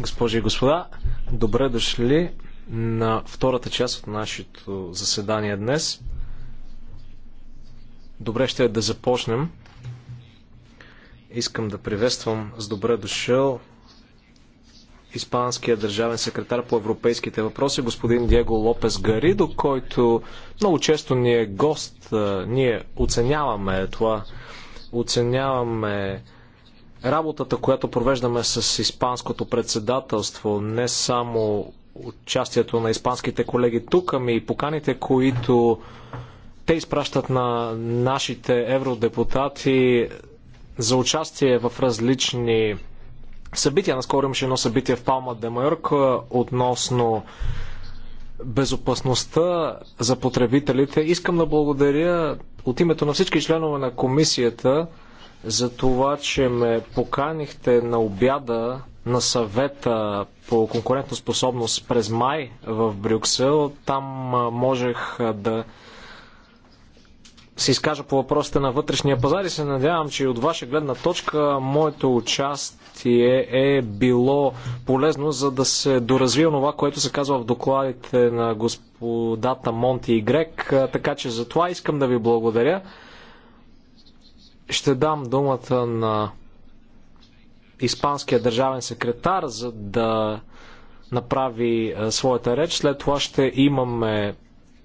Госпожи и господа, добре дошли на втората част от нашето заседание днес. Добре ще е да започнем. Искам да приветствам с добре дошъл испанския държавен секретар по европейските въпроси, господин Диего Лопес Гаридо, който много често ни е гост. Ние оценяваме това, оценяваме работата, която провеждаме с Испанското председателство, не само участието на испанските колеги тук, ами и поканите, които те изпращат на нашите евродепутати за участие в различни събития. Наскоро имаше едно събитие в Палма де Майорка относно безопасността за потребителите. Искам да благодаря от името на всички членове на комисията за това, че ме поканихте на обяда на съвета по конкурентоспособност през май в Брюксел. Там можех да се изкажа по въпросите на вътрешния пазар и се надявам, че от ваша гледна точка моето участие е било полезно, за да се доразвие това, което се казва в докладите на господата Монти и Грек. Така че за това искам да ви благодаря. Ще дам думата на испанския държавен секретар, за да направи е, своята реч. След това ще имаме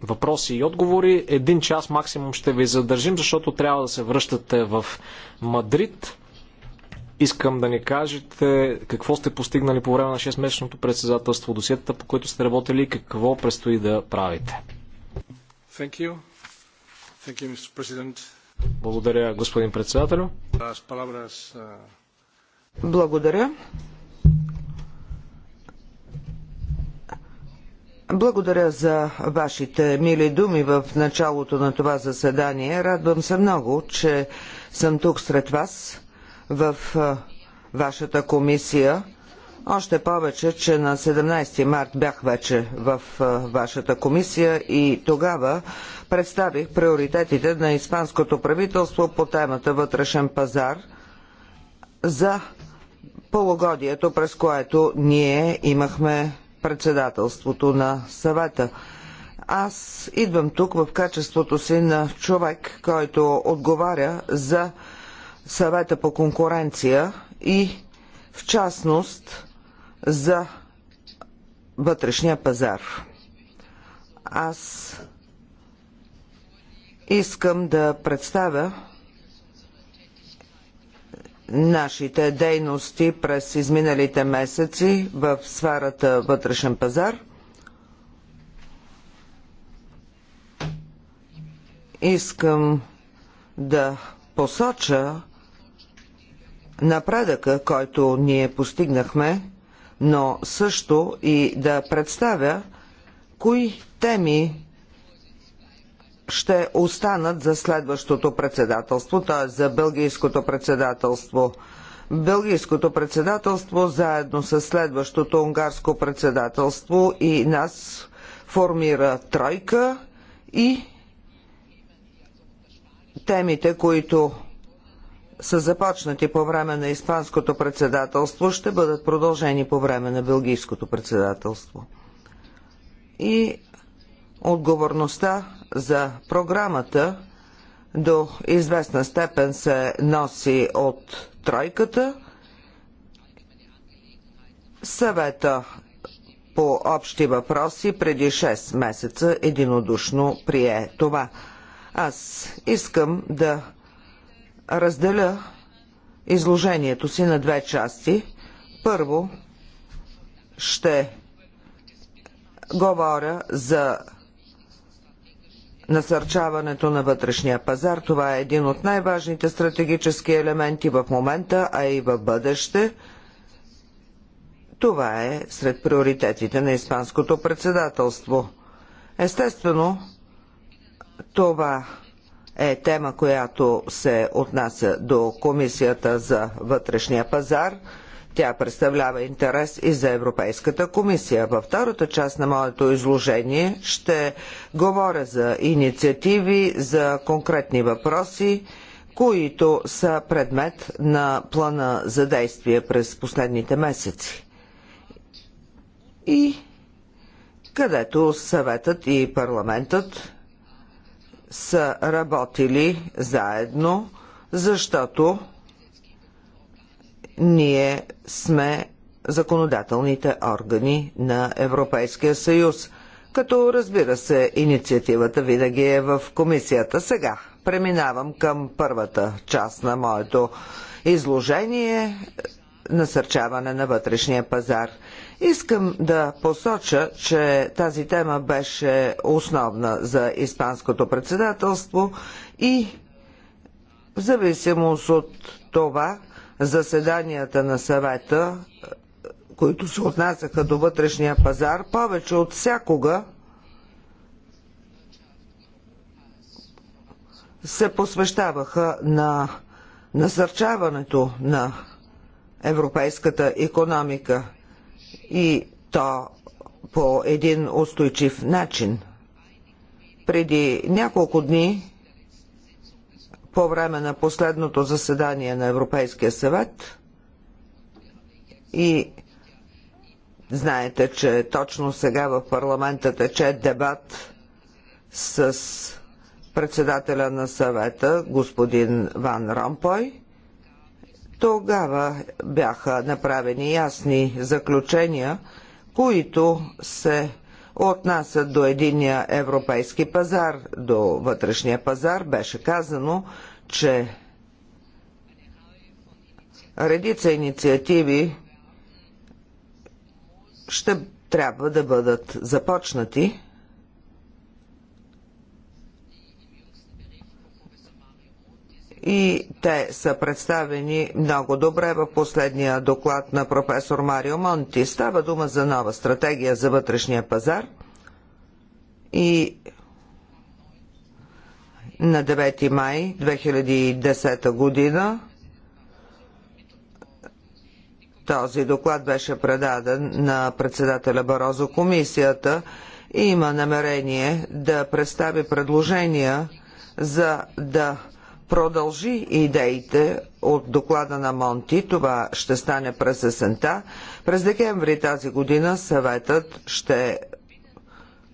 въпроси и отговори. Един час максимум ще ви задържим, защото трябва да се връщате в Мадрид. Искам да ни кажете какво сте постигнали по време на 6-месечното председателство, досиетата, по които сте работили и какво предстои да правите. Thank you. Thank you, благодаря, господин председател. Благодаря. Благодаря за вашите мили думи в началото на това заседание. Радвам се много, че съм тук сред вас в вашата комисия. Още повече, че на 17 март бях вече в вашата комисия и тогава представих приоритетите на испанското правителство по темата вътрешен пазар за полугодието, през което ние имахме председателството на съвета. Аз идвам тук в качеството си на човек, който отговаря за съвета по конкуренция и в частност за вътрешния пазар. Аз Искам да представя нашите дейности през изминалите месеци в сферата вътрешен пазар. Искам да посоча напредъка, който ние постигнахме, но също и да представя кои теми ще останат за следващото председателство, т.е. за бългийското председателство. Бългийското председателство заедно с следващото унгарско председателство и нас формира тройка и темите, които са започнати по време на Испанското председателство, ще бъдат продължени по време на Белгийското председателство. И отговорността за програмата до известна степен се носи от тройката, съвета по общи въпроси преди 6 месеца единодушно прие това. Аз искам да разделя изложението си на две части. Първо ще говоря за насърчаването на вътрешния пазар. Това е един от най-важните стратегически елементи в момента, а и в бъдеще. Това е сред приоритетите на Испанското председателство. Естествено, това е тема, която се отнася до Комисията за вътрешния пазар – тя представлява интерес и за Европейската комисия. Във втората част на моето изложение ще говоря за инициативи, за конкретни въпроси, които са предмет на плана за действие през последните месеци. И където съветът и парламентът са работили заедно, защото ние сме законодателните органи на Европейския съюз, като разбира се, инициативата винаги е в комисията. Сега преминавам към първата част на моето изложение насърчаване на вътрешния пазар. Искам да посоча, че тази тема беше основна за Испанското председателство и в зависимост от това заседанията на съвета, които се отнасяха до вътрешния пазар, повече от всякога се посвещаваха на насърчаването на европейската економика и то по един устойчив начин. Преди няколко дни по време на последното заседание на Европейския съвет и знаете, че точно сега в парламента тече дебат с председателя на съвета, господин Ван Ромпой. Тогава бяха направени ясни заключения, които се отнасят до единия европейски пазар, до вътрешния пазар. Беше казано, че редица инициативи ще трябва да бъдат започнати. и те са представени много добре в последния доклад на професор Марио Монти. Става дума за нова стратегия за вътрешния пазар и на 9 май 2010 година. Този доклад беше предаден на председателя Барозо комисията и има намерение да представи предложения за да продължи идеите от доклада на Монти. Това ще стане през есента. През декември тази година съветът ще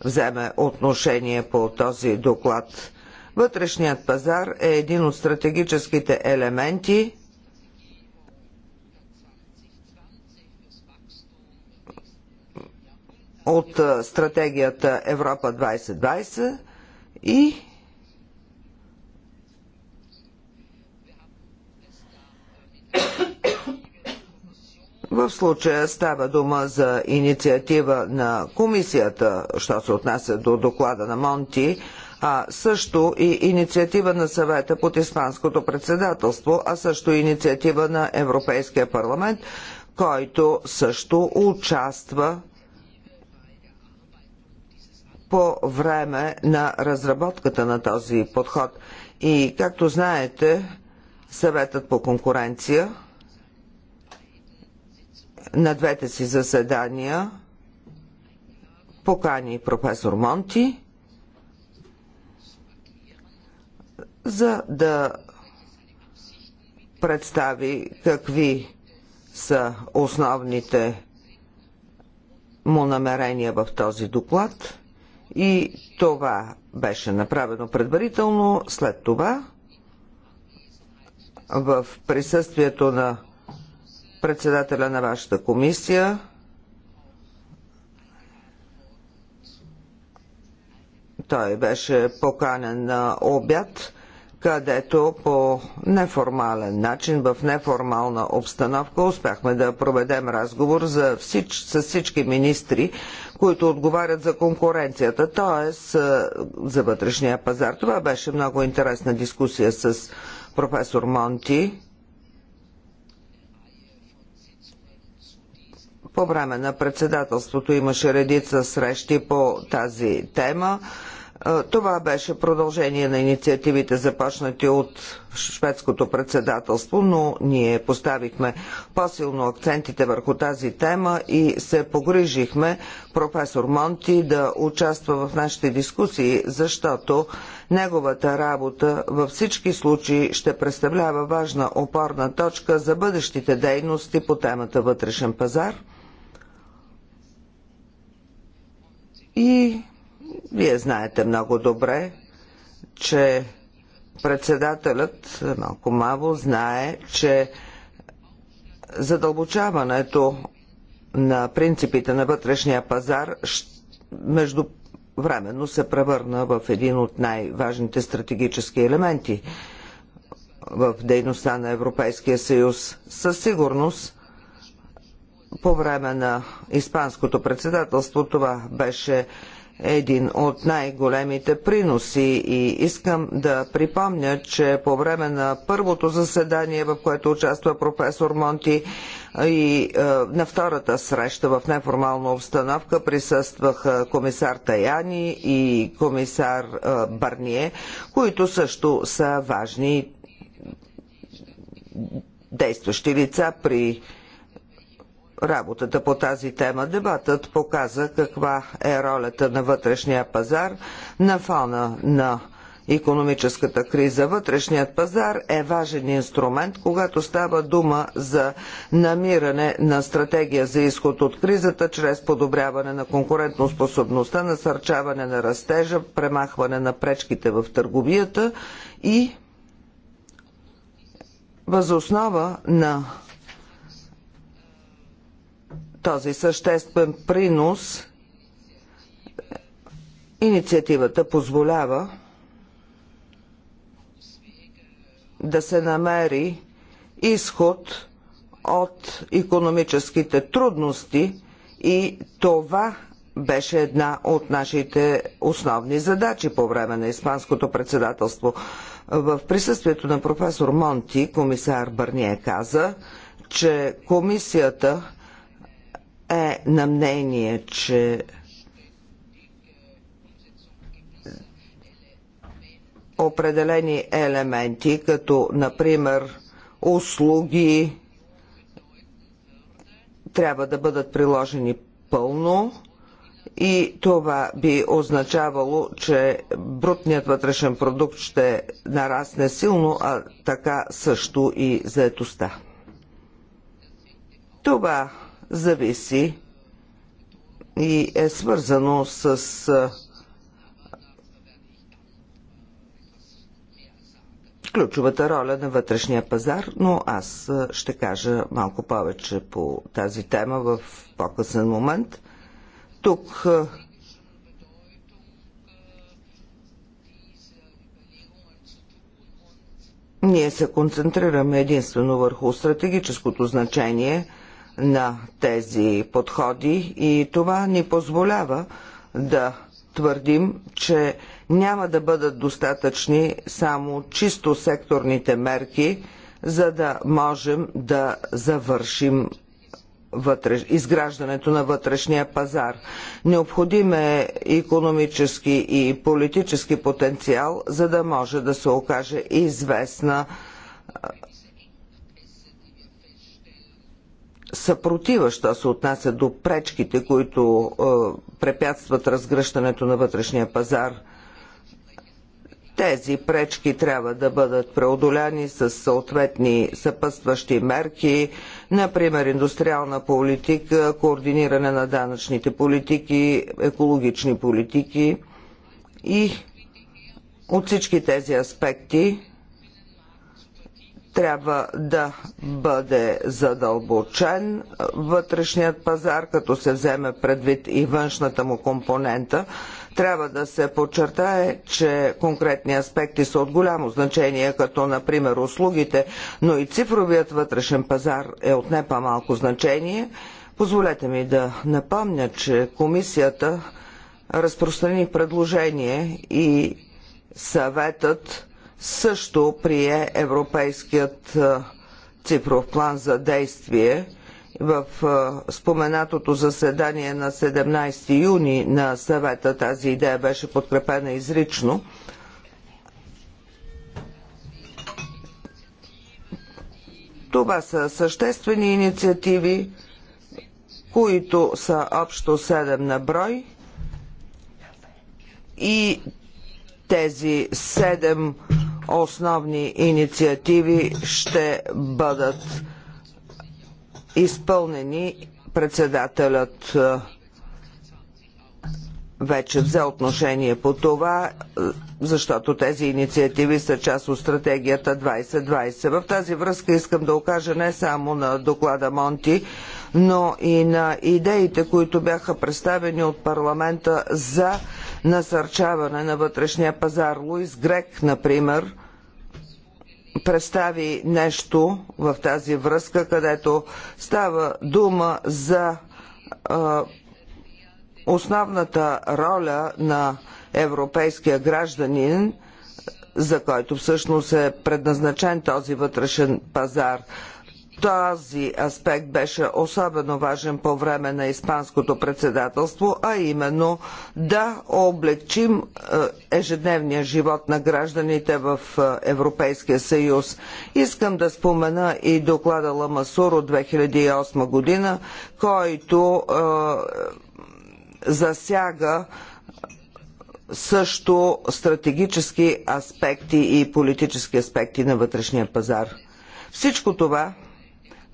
вземе отношение по този доклад. Вътрешният пазар е един от стратегическите елементи от стратегията Европа 2020 и В случая става дума за инициатива на комисията, що се отнася до доклада на Монти, а също и инициатива на съвета под Испанското председателство, а също и инициатива на Европейския парламент, който също участва по време на разработката на този подход. И както знаете, съветът по конкуренция на двете си заседания покани професор Монти за да представи какви са основните му намерения в този доклад и това беше направено предварително. След това в присъствието на председателя на вашата комисия той беше поканен на обяд където по неформален начин, в неформална обстановка успяхме да проведем разговор за всич, с всички министри, които отговарят за конкуренцията, т.е. за вътрешния пазар. Това беше много интересна дискусия с професор Монти. По време на председателството имаше редица срещи по тази тема. Това беше продължение на инициативите, започнати от шведското председателство, но ние поставихме по-силно акцентите върху тази тема и се погрижихме професор Монти да участва в нашите дискусии, защото неговата работа във всички случаи ще представлява важна опорна точка за бъдещите дейности по темата вътрешен пазар. И вие знаете много добре, че председателят малко маво знае, че задълбочаването на принципите на вътрешния пазар между временно се превърна в един от най-важните стратегически елементи в дейността на Европейския съюз. Със сигурност по време на Испанското председателство това беше един от най-големите приноси и искам да припомня, че по време на първото заседание, в което участва професор Монти, и е, на втората среща в неформална обстановка присъстваха комисар Таяни и комисар е, Барние, които също са важни действащи лица при работата по тази тема. Дебатът показа каква е ролята на вътрешния пазар на фона на економическата криза. Вътрешният пазар е важен инструмент, когато става дума за намиране на стратегия за изход от кризата чрез подобряване на конкурентоспособността, насърчаване на растежа, премахване на пречките в търговията и възоснова на този съществен принос инициативата позволява да се намери изход от економическите трудности и това беше една от нашите основни задачи по време на Испанското председателство. В присъствието на професор Монти, комисар Бърние каза, че комисията е на мнение, че е, определени елементи, като например услуги, трябва да бъдат приложени пълно и това би означавало, че брутният вътрешен продукт ще нарасне силно, а така също и заетостта. Това зависи и е свързано с ключовата роля на вътрешния пазар, но аз ще кажа малко повече по тази тема в по-късен момент. Тук ние се концентрираме единствено върху стратегическото значение на тези подходи и това ни позволява да твърдим, че няма да бъдат достатъчни само чисто секторните мерки, за да можем да завършим изграждането на вътрешния пазар. Необходим е економически и политически потенциал, за да може да се окаже известна съпротива, що се отнася до пречките, които е, препятстват разгръщането на вътрешния пазар. Тези пречки трябва да бъдат преодоляни с съответни съпътстващи мерки, например индустриална политика, координиране на данъчните политики, екологични политики и от всички тези аспекти трябва да бъде задълбочен вътрешният пазар, като се вземе предвид и външната му компонента. Трябва да се подчертае, че конкретни аспекти са от голямо значение, като например услугите, но и цифровият вътрешен пазар е от не по-малко значение. Позволете ми да напомня, че комисията разпространи предложение и съветът също прие Европейският е, цифров план за действие в е, споменатото заседание на 17 юни на съвета тази идея беше подкрепена изрично. Това са съществени инициативи, които са общо 7 на брой и тези 7 основни инициативи ще бъдат изпълнени. Председателят е, вече взе отношение по това, е, защото тези инициативи са част от стратегията 2020. В тази връзка искам да окажа не само на доклада Монти, но и на идеите, които бяха представени от парламента за насърчаване на вътрешния пазар. Луис Грек, например, представи нещо в тази връзка, където става дума за а, основната роля на европейския гражданин, за който всъщност е предназначен този вътрешен пазар – този аспект беше особено важен по време на испанското председателство, а именно да облегчим е, ежедневния живот на гражданите в е, Европейския съюз. Искам да спомена и доклада Ламасур от 2008 година, който е, засяга също стратегически аспекти и политически аспекти на вътрешния пазар. Всичко това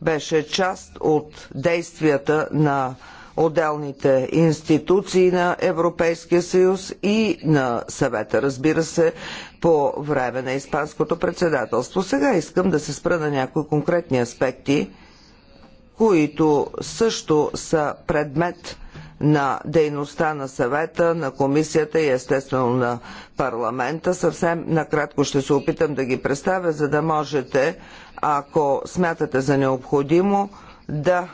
беше част от действията на отделните институции на Европейския съюз и на съвета, разбира се, по време на Испанското председателство. Сега искам да се спра на някои конкретни аспекти, които също са предмет на дейността на съвета, на комисията и естествено на парламента. Съвсем накратко ще се опитам да ги представя, за да можете, ако смятате за необходимо, да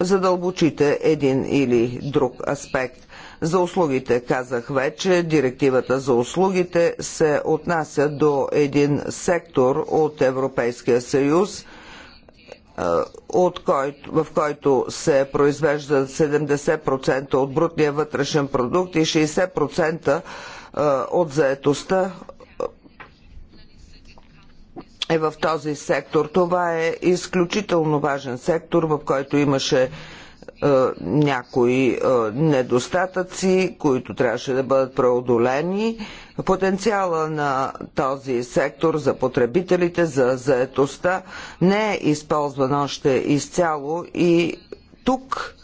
задълбочите един или друг аспект. За услугите казах вече, директивата за услугите се отнася до един сектор от Европейския съюз – от който, в който се произвеждат 70% от брутния вътрешен продукт и 60% от заетостта е в този сектор. Това е изключително важен сектор, в който имаше е, някои е, недостатъци, които трябваше да бъдат преодолени. Потенциала на този сектор за потребителите, за заетостта не е използван още изцяло и тук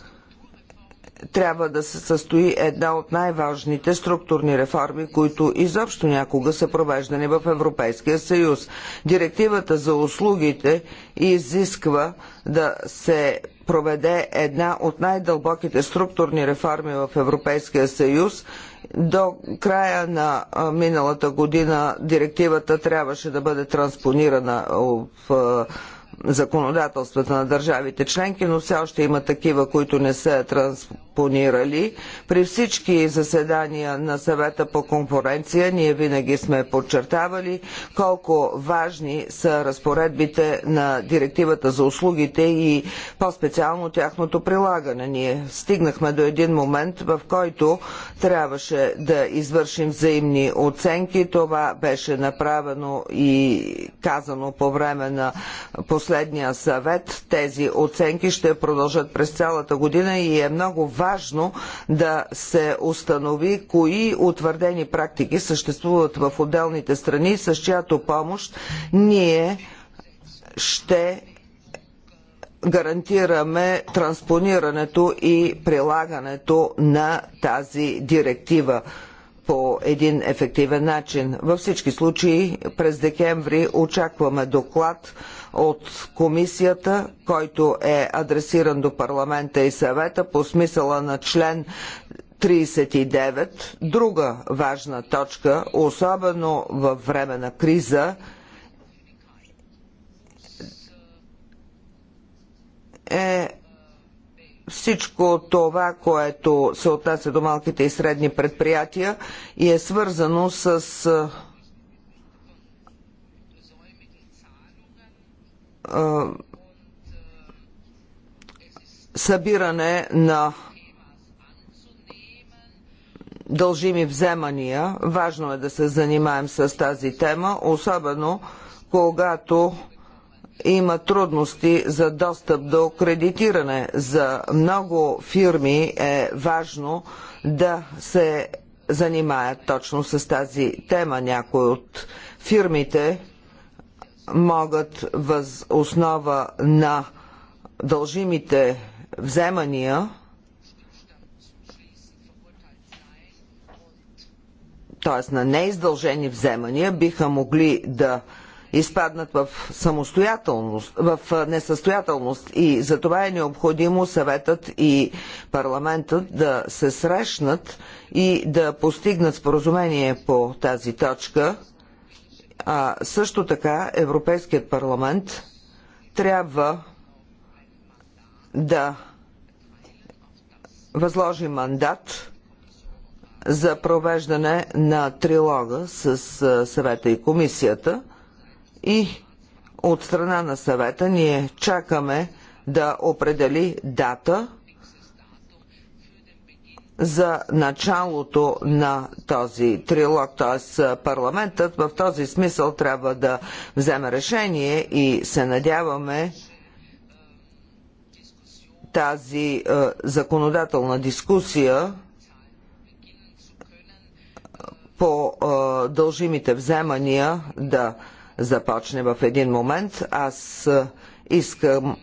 трябва да се състои една от най-важните структурни реформи, които изобщо някога са провеждани в Европейския съюз. Директивата за услугите изисква да се проведе една от най-дълбоките структурни реформи в Европейския съюз. До края на миналата година директивата трябваше да бъде транспонирана в законодателствата на държавите членки, но все още има такива, които не са транспонирани опонирали. При всички заседания на съвета по конкуренция ние винаги сме подчертавали колко важни са разпоредбите на директивата за услугите и по-специално тяхното прилагане. Ние стигнахме до един момент, в който трябваше да извършим взаимни оценки. Това беше направено и казано по време на последния съвет. Тези оценки ще продължат през цялата година и е много важно важно да се установи кои утвърдени практики съществуват в отделните страни, с чиято помощ ние ще гарантираме транспонирането и прилагането на тази директива по един ефективен начин. Във всички случаи през декември очакваме доклад от комисията, който е адресиран до парламента и съвета по смисъла на член 39. Друга важна точка, особено във време на криза, е всичко това, което се отнася до малките и средни предприятия и е свързано с събиране на дължими вземания. Важно е да се занимаем с тази тема, особено когато има трудности за достъп до кредитиране. За много фирми е важно да се занимаят точно с тази тема. Някои от фирмите могат въз основа на дължимите вземания т.е. на неиздължени вземания, биха могли да изпаднат в самостоятелност, в несъстоятелност и за това е необходимо съветът и парламентът да се срещнат и да постигнат споразумение по тази точка – а също така Европейският парламент трябва да възложи мандат за провеждане на трилога с съвета и комисията и от страна на съвета ние чакаме да определи дата за началото на този трилог, т.е. парламентът в този смисъл трябва да вземе решение и се надяваме тази е, законодателна дискусия по е, дължимите вземания да започне в един момент. Аз е, искам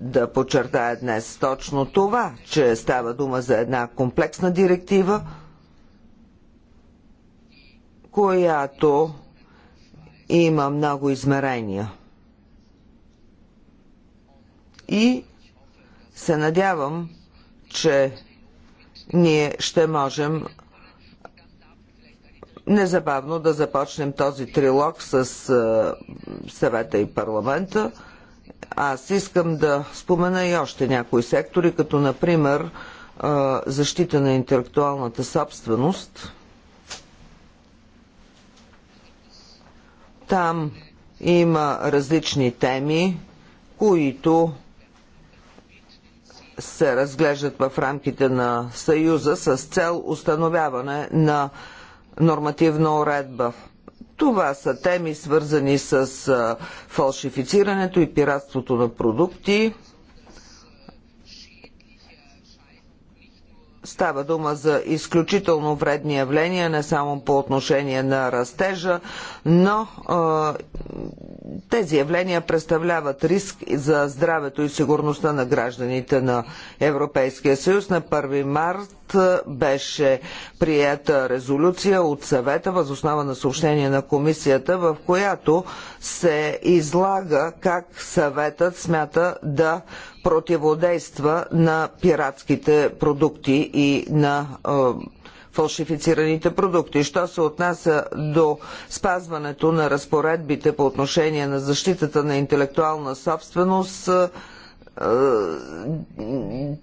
да подчертая днес точно това, че става дума за една комплексна директива, която има много измерения. И се надявам, че ние ще можем незабавно да започнем този трилог с съвета и парламента. Аз искам да спомена и още някои сектори, като например защита на интелектуалната собственост. Там има различни теми, които се разглеждат в рамките на Съюза с цел установяване на нормативна уредба. Това са теми свързани с фалшифицирането и пиратството на продукти. Става дума за изключително вредни явления, не само по отношение на растежа, но тези явления представляват риск за здравето и сигурността на гражданите на Европейския съюз. На 1 март беше приета резолюция от съвета възоснова на съобщение на комисията, в която се излага как съветът смята да противодейства на пиратските продукти и на фалшифицираните продукти. Що се отнася до спазването на разпоредбите по отношение на защитата на интелектуална собственост,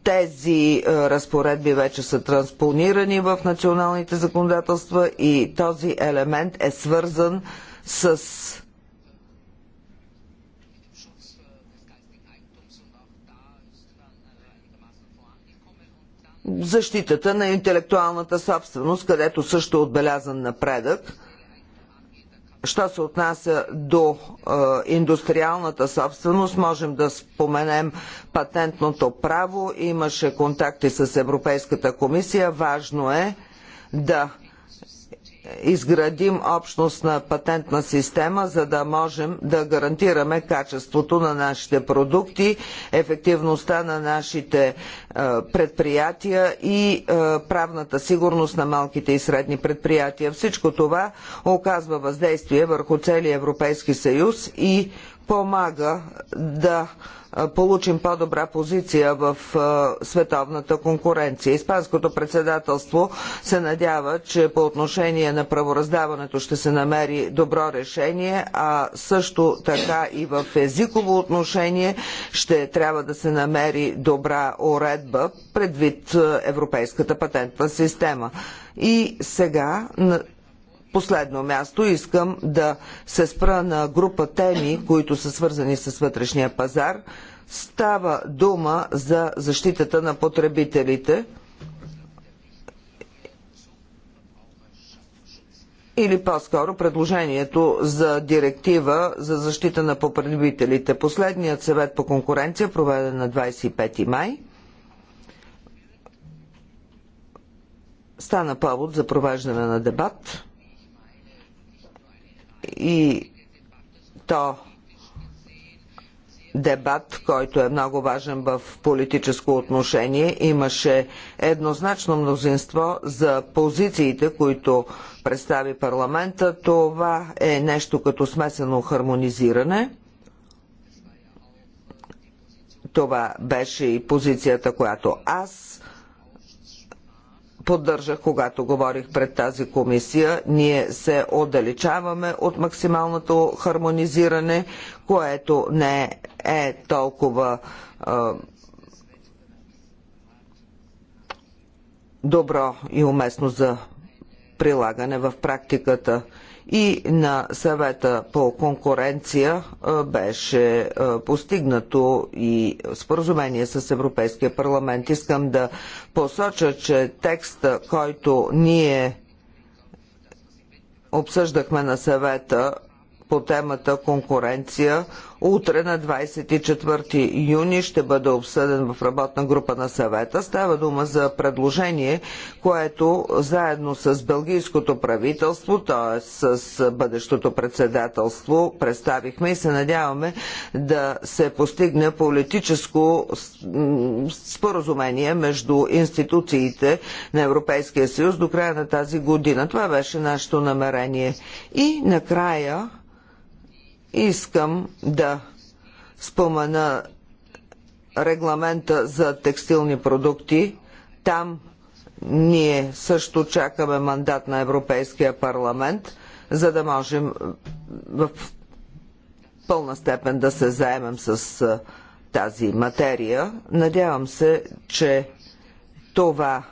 тези разпоредби вече са транспонирани в националните законодателства и този елемент е свързан с защитата на интелектуалната собственост, където също е отбелязан напредък. Що се отнася до е, индустриалната собственост, можем да споменем патентното право. Имаше контакти с Европейската комисия. Важно е да изградим общностна патентна система, за да можем да гарантираме качеството на нашите продукти, ефективността на нашите е, предприятия и е, правната сигурност на малките и средни предприятия. Всичко това оказва въздействие върху целия Европейски съюз и помага да получим по-добра позиция в световната конкуренция. Испанското председателство се надява, че по отношение на правораздаването ще се намери добро решение, а също така и в езиково отношение ще трябва да се намери добра уредба предвид Европейската патентна система. И сега последно място искам да се спра на група теми, които са свързани с вътрешния пазар. Става дума за защитата на потребителите или по-скоро предложението за директива за защита на потребителите. Последният съвет по конкуренция, проведен на 25 май, стана повод за провеждане на дебат и то дебат, който е много важен в политическо отношение. Имаше еднозначно мнозинство за позициите, които представи парламента. Това е нещо като смесено хармонизиране. Това беше и позицията, която аз поддържах, когато говорих пред тази комисия. Ние се отдалечаваме от максималното хармонизиране, което не е толкова а, добро и уместно за прилагане в практиката и на съвета по конкуренция беше постигнато и споразумение с Европейския парламент. Искам да посоча, че текста, който ние обсъждахме на съвета по темата конкуренция, Утре на 24 юни ще бъде обсъден в работна група на съвета. Става дума за предложение, което заедно с белгийското правителство, т.е. с бъдещото председателство, представихме и се надяваме да се постигне политическо споразумение между институциите на Европейския съюз до края на тази година. Това беше нашето намерение. И накрая Искам да спомена регламента за текстилни продукти. Там ние също чакаме мандат на Европейския парламент, за да можем в пълна степен да се заемем с тази материя. Надявам се, че това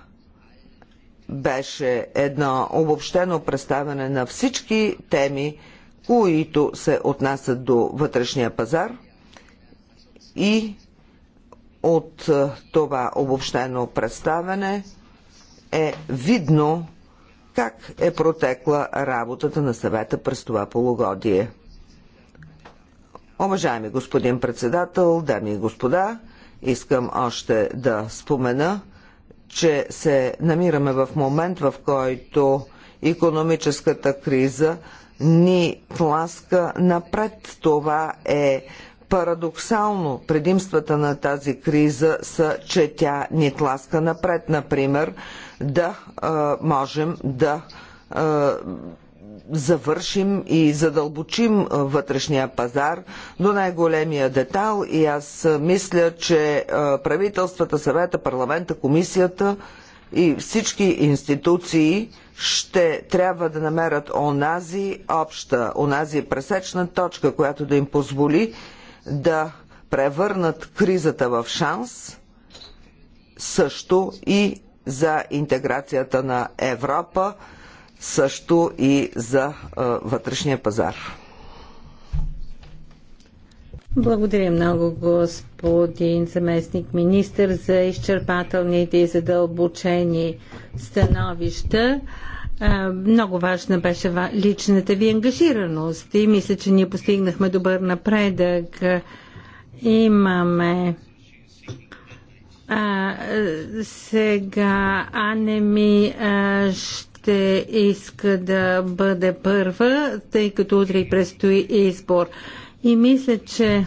беше едно обобщено представяне на всички теми, които се отнасят до вътрешния пазар и от е, това обобщено представяне е видно как е протекла работата на съвета през това полугодие. Уважаеми господин председател, дами и господа, искам още да спомена, че се намираме в момент, в който економическата криза ни тласка напред. Това е Парадоксално, предимствата на тази криза са, че тя ни тласка напред, например, да а, можем да а, завършим и задълбочим вътрешния пазар до най-големия детал и аз мисля, че правителствата, съвета, парламента, комисията и всички институции ще трябва да намерят онази обща, онази пресечна точка, която да им позволи да превърнат кризата в шанс, също и за интеграцията на Европа, също и за е, вътрешния пазар. Благодаря много, господин заместник министр, за изчерпателните и задълбочени становища. Много важна беше личната ви ангажираност и мисля, че ние постигнахме добър напредък. Имаме а, сега Анеми а, ще иска да бъде първа, тъй като утре предстои избор. И мисля, че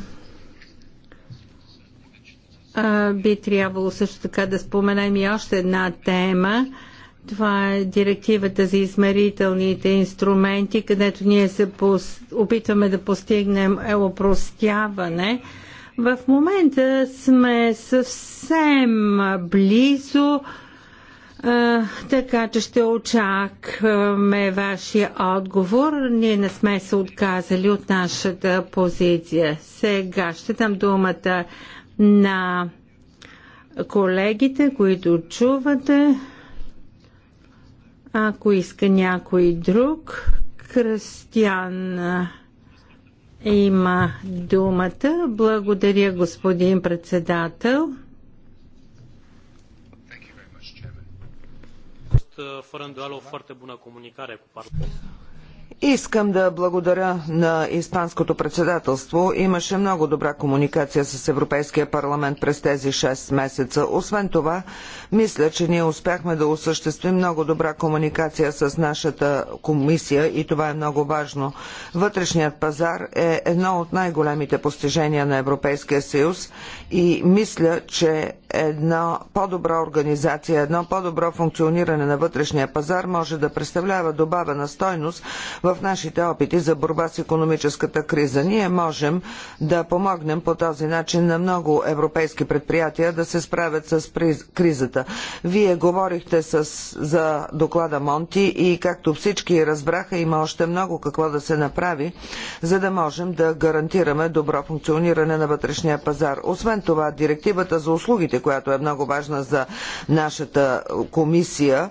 а, би трябвало също така да споменем и още една тема. Това е директивата за измерителните инструменти, където ние се пос... опитваме да постигнем опростяване. В момента сме съвсем близо така че ще очакваме вашия отговор. Ние не сме се отказали от нашата позиция. Сега ще дам думата на колегите, които чувате. Ако иска някой друг, Кръстян има думата. Благодаря, господин председател. fără îndoială o foarte bună comunicare cu Parlamentul. Искам да благодаря на Испанското председателство. Имаше много добра комуникация с Европейския парламент през тези 6 месеца. Освен това, мисля, че ние успяхме да осъществим много добра комуникация с нашата комисия и това е много важно. Вътрешният пазар е едно от най-големите постижения на Европейския съюз и мисля, че една по-добра организация, едно по-добро функциониране на вътрешния пазар може да представлява добавена стойност в нашите опити за борба с економическата криза. Ние можем да помогнем по този начин на много европейски предприятия да се справят с кризата. Вие говорихте с, за доклада Монти и както всички разбраха, има още много какво да се направи, за да можем да гарантираме добро функциониране на вътрешния пазар. Освен това, директивата за услугите, която е много важна за нашата комисия,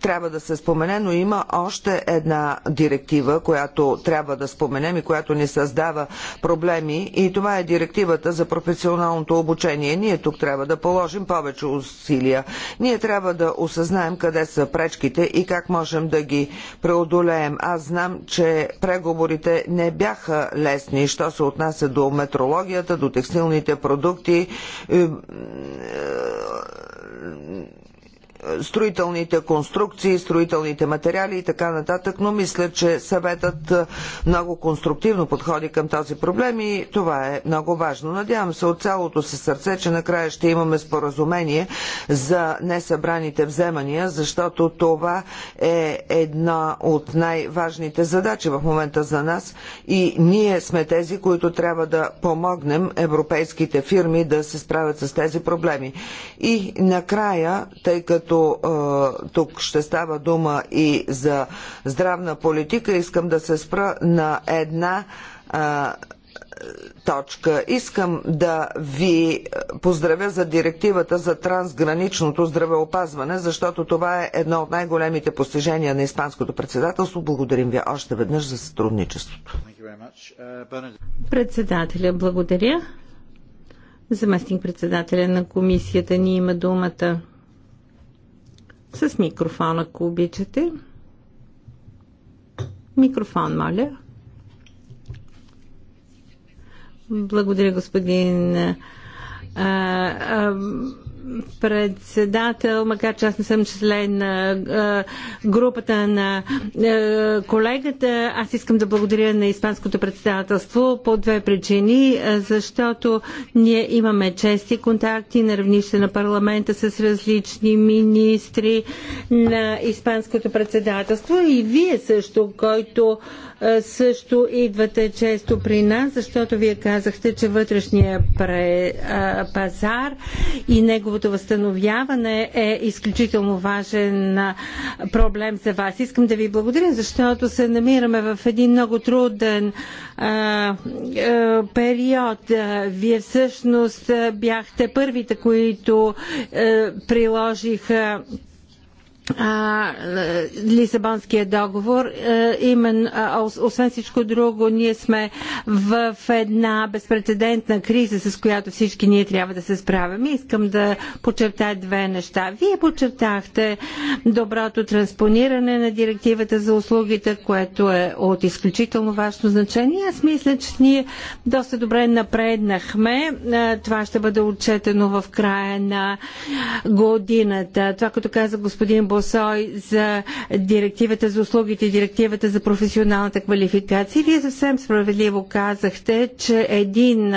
трябва да се спомене, но има още една директива, която трябва да споменем и която ни създава проблеми и това е директивата за професионалното обучение. Ние тук трябва да положим повече усилия. Ние трябва да осъзнаем къде са пречките и как можем да ги преодолеем. Аз знам, че преговорите не бяха лесни, що се отнася до метрологията, до текстилните продукти, е, строителните конструкции, строителните материали и така нататък, но мисля, че съветът е, много конструктивно подходи към този проблем и това е много важно. Надявам се от цялото си сърце, че накрая ще имаме споразумение за несъбраните вземания, защото това е една от най-важните задачи в момента за нас и ние сме тези, които трябва да помогнем европейските фирми да се справят с тези проблеми. И накрая, тъй като като е, тук ще става дума и за здравна политика, искам да се спра на една е, точка. Искам да ви поздравя за директивата за трансграничното здравеопазване, защото това е едно от най-големите постижения на Испанското председателство. Благодарим ви още веднъж за сътрудничеството. Председателя, благодаря. Заместник председателя на комисията ни има думата. С микрофон, ако обичате. Микрофон, моля. Благодаря, господин. А, а, председател, макар че аз не съм член на групата на колегата, аз искам да благодаря на Испанското председателство по две причини, защото ние имаме чести контакти на равнище на парламента с различни министри на Испанското председателство и вие също, който също идвате често при нас, защото вие казахте, че вътрешния пазар и неговото възстановяване е изключително важен проблем за вас. Искам да ви благодаря, защото се намираме в един много труден период. Вие всъщност бяхте първите, които приложиха а, е, Лисабонския договор. Е, именно освен всичко друго, ние сме в една безпредседентна криза, с която всички ние трябва да се справяме. Искам да подчертая две неща. Вие подчертахте доброто транспониране на директивата за услугите, което е от изключително важно значение. Аз мисля, че ние доста добре напреднахме. Е, това ще бъде отчетено в края на годината. Това, като каза господин Бос Босой за директивата за услугите и директивата за професионалната квалификация. Вие съвсем справедливо казахте, че един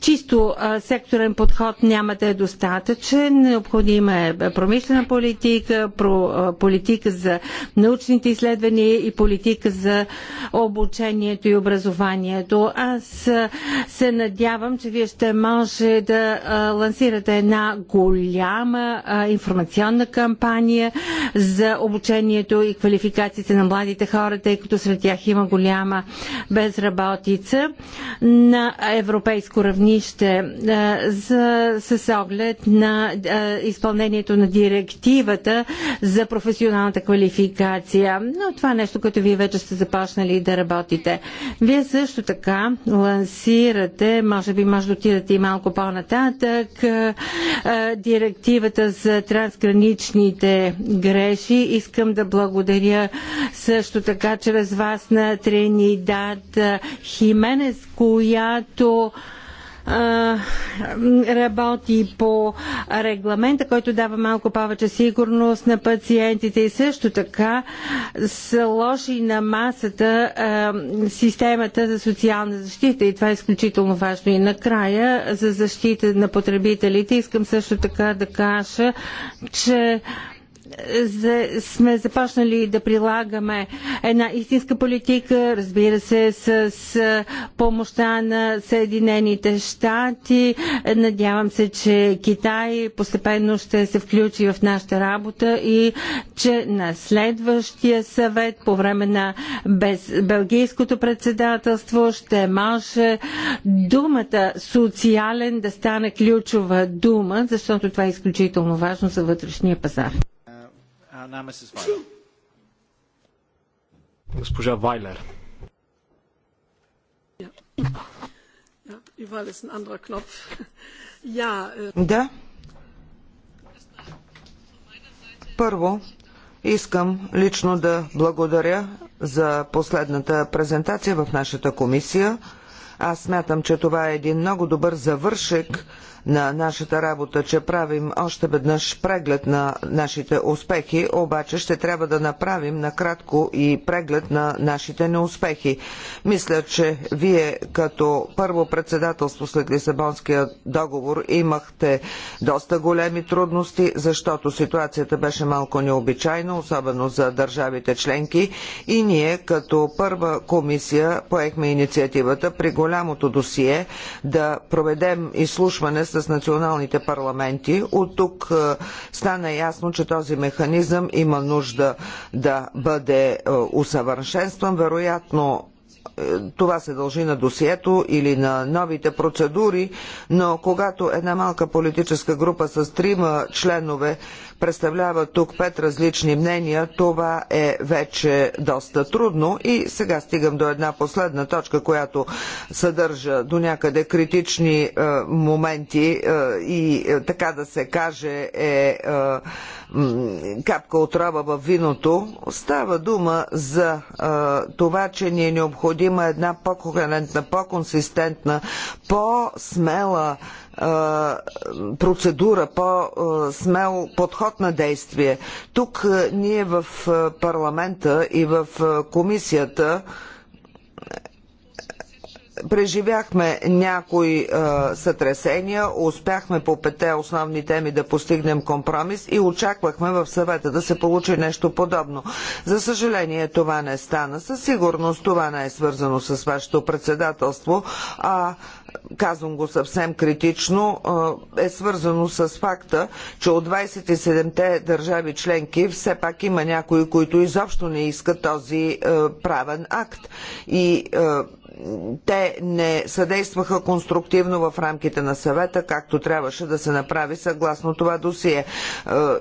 чисто секторен подход няма да е достатъчен. Необходима е промишлена политика, политика за научните изследвания и политика за обучението и образованието. Аз се надявам, че вие ще може да лансирате една голяма информационна кампания за обучението и квалификациите на младите хора, тъй като сред тях има голяма безработица на европейско равнище е, за, с оглед на е, изпълнението на директивата за професионалната квалификация. Но това е нещо, което вие вече сте започнали да работите. Вие също така лансирате, може би може да отидете и малко по-нататък, е, директивата за трансграничните греши. Искам да благодаря също така чрез вас на Тринидад Хименес, която работи по регламента, който дава малко повече сигурност на пациентите и също така сложи на масата системата за социална защита и това е изключително важно. И накрая за защита на потребителите искам също така да кажа, че сме започнали да прилагаме една истинска политика, разбира се, с, с помощта на Съединените щати. Надявам се, че Китай постепенно ще се включи в нашата работа и че на следващия съвет по време на без, Белгийското председателство ще може думата социален да стане ключова дума, защото това е изключително важно за вътрешния пазар now Mrs. Weiler. Госпожа Вайлер. Äh, да. Първо, искам лично да благодаря за последната презентация в нашата комисия. Аз смятам, че това е един много добър завършек на нашата работа, че правим още веднъж преглед на нашите успехи, обаче ще трябва да направим накратко и преглед на нашите неуспехи. Мисля, че вие като първо председателство след Лисабонския договор имахте доста големи трудности, защото ситуацията беше малко необичайна, особено за държавите членки и ние като първа комисия поехме инициативата при голямото досие да проведем изслушване с с националните парламенти. От тук е, стана ясно, че този механизъм има нужда да бъде е, усъвършенстван. Вероятно е, това се дължи на досието или на новите процедури, но когато една малка политическа група с трима членове представлява тук пет различни мнения, това е вече доста трудно. И сега стигам до една последна точка, която съдържа до някъде критични е, моменти е, и е, така да се каже е, е капка отрова в виното. Става дума за е, това, че ни е необходима една по-кохерентна, по-консистентна, по-смела процедура, по-смел подход на действие. Тук ние в парламента и в комисията Преживяхме някои е, сътресения, успяхме по пете основни теми да постигнем компромис и очаквахме в съвета да се получи нещо подобно. За съжаление това не стана. Със сигурност това не е свързано с вашето председателство, а казвам го съвсем критично, е, е свързано с факта, че от 27-те държави членки все пак има някои, които изобщо не искат този е, правен акт. И е, те не съдействаха конструктивно в рамките на съвета, както трябваше да се направи съгласно това досие. Е,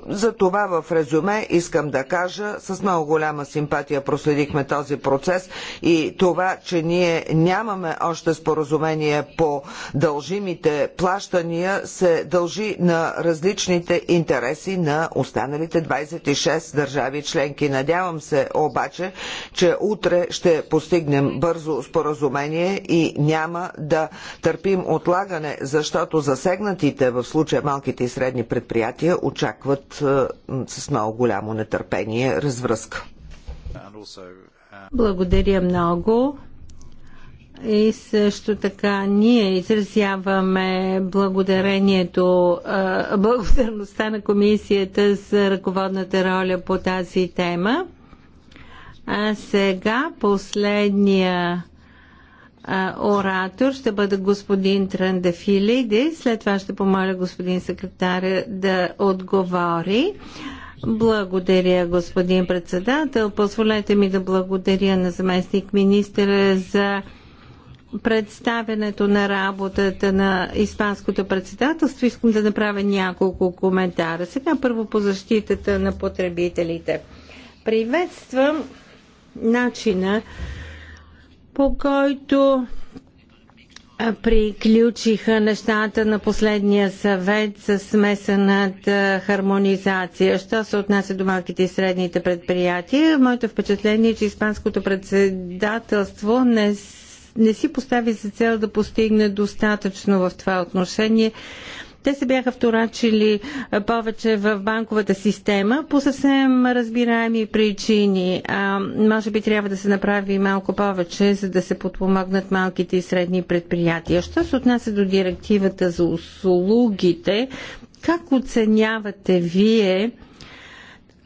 за това в резюме искам да кажа, с много голяма симпатия проследихме този процес и това, че ние нямаме още споразумение по дължимите плащания, се дължи на различните интереси на останалите 26 държави членки. Надявам се обаче, че утре ще постигнем бързо споразумение споразумение и няма да търпим отлагане, защото засегнатите, в случая малките и средни предприятия, очакват е, с много голямо нетърпение развръзка. Благодаря много. И също така ние изразяваме благодарението, е, благодарността на комисията за ръководната роля по тази тема. А сега последния оратор ще бъде господин Трандафилиди. След това ще помоля господин секретаря да отговори. Благодаря, господин председател. Позволете ми да благодаря на заместник министъра за представянето на работата на Испанското председателство. Искам да направя няколко коментара. Сега първо по защитата на потребителите. Приветствам начина, по който приключиха нещата на последния съвет с смесената хармонизация. Що се отнася до малките и средните предприятия, моето впечатление е, че Испанското председателство не, не си постави за цел да постигне достатъчно в това отношение те се бяха вторачили повече в банковата система по съвсем разбираеми причини. А, може би трябва да се направи малко повече, за да се подпомогнат малките и средни предприятия. Що се отнася до директивата за услугите, как оценявате вие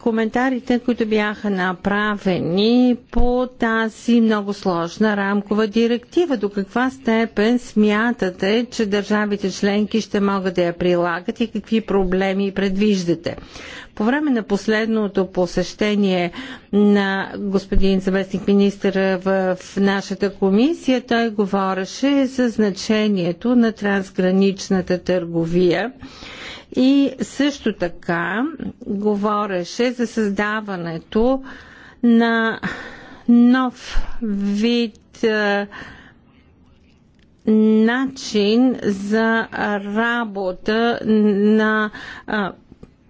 коментарите, които бяха направени по тази много сложна рамкова директива. До каква степен смятате, че държавите членки ще могат да я прилагат и какви проблеми предвиждате? По време на последното посещение на господин заместник министър в нашата комисия, той говореше за значението на трансграничната търговия и също така говореше за създаването на нов вид а, е, начин за работа на, а,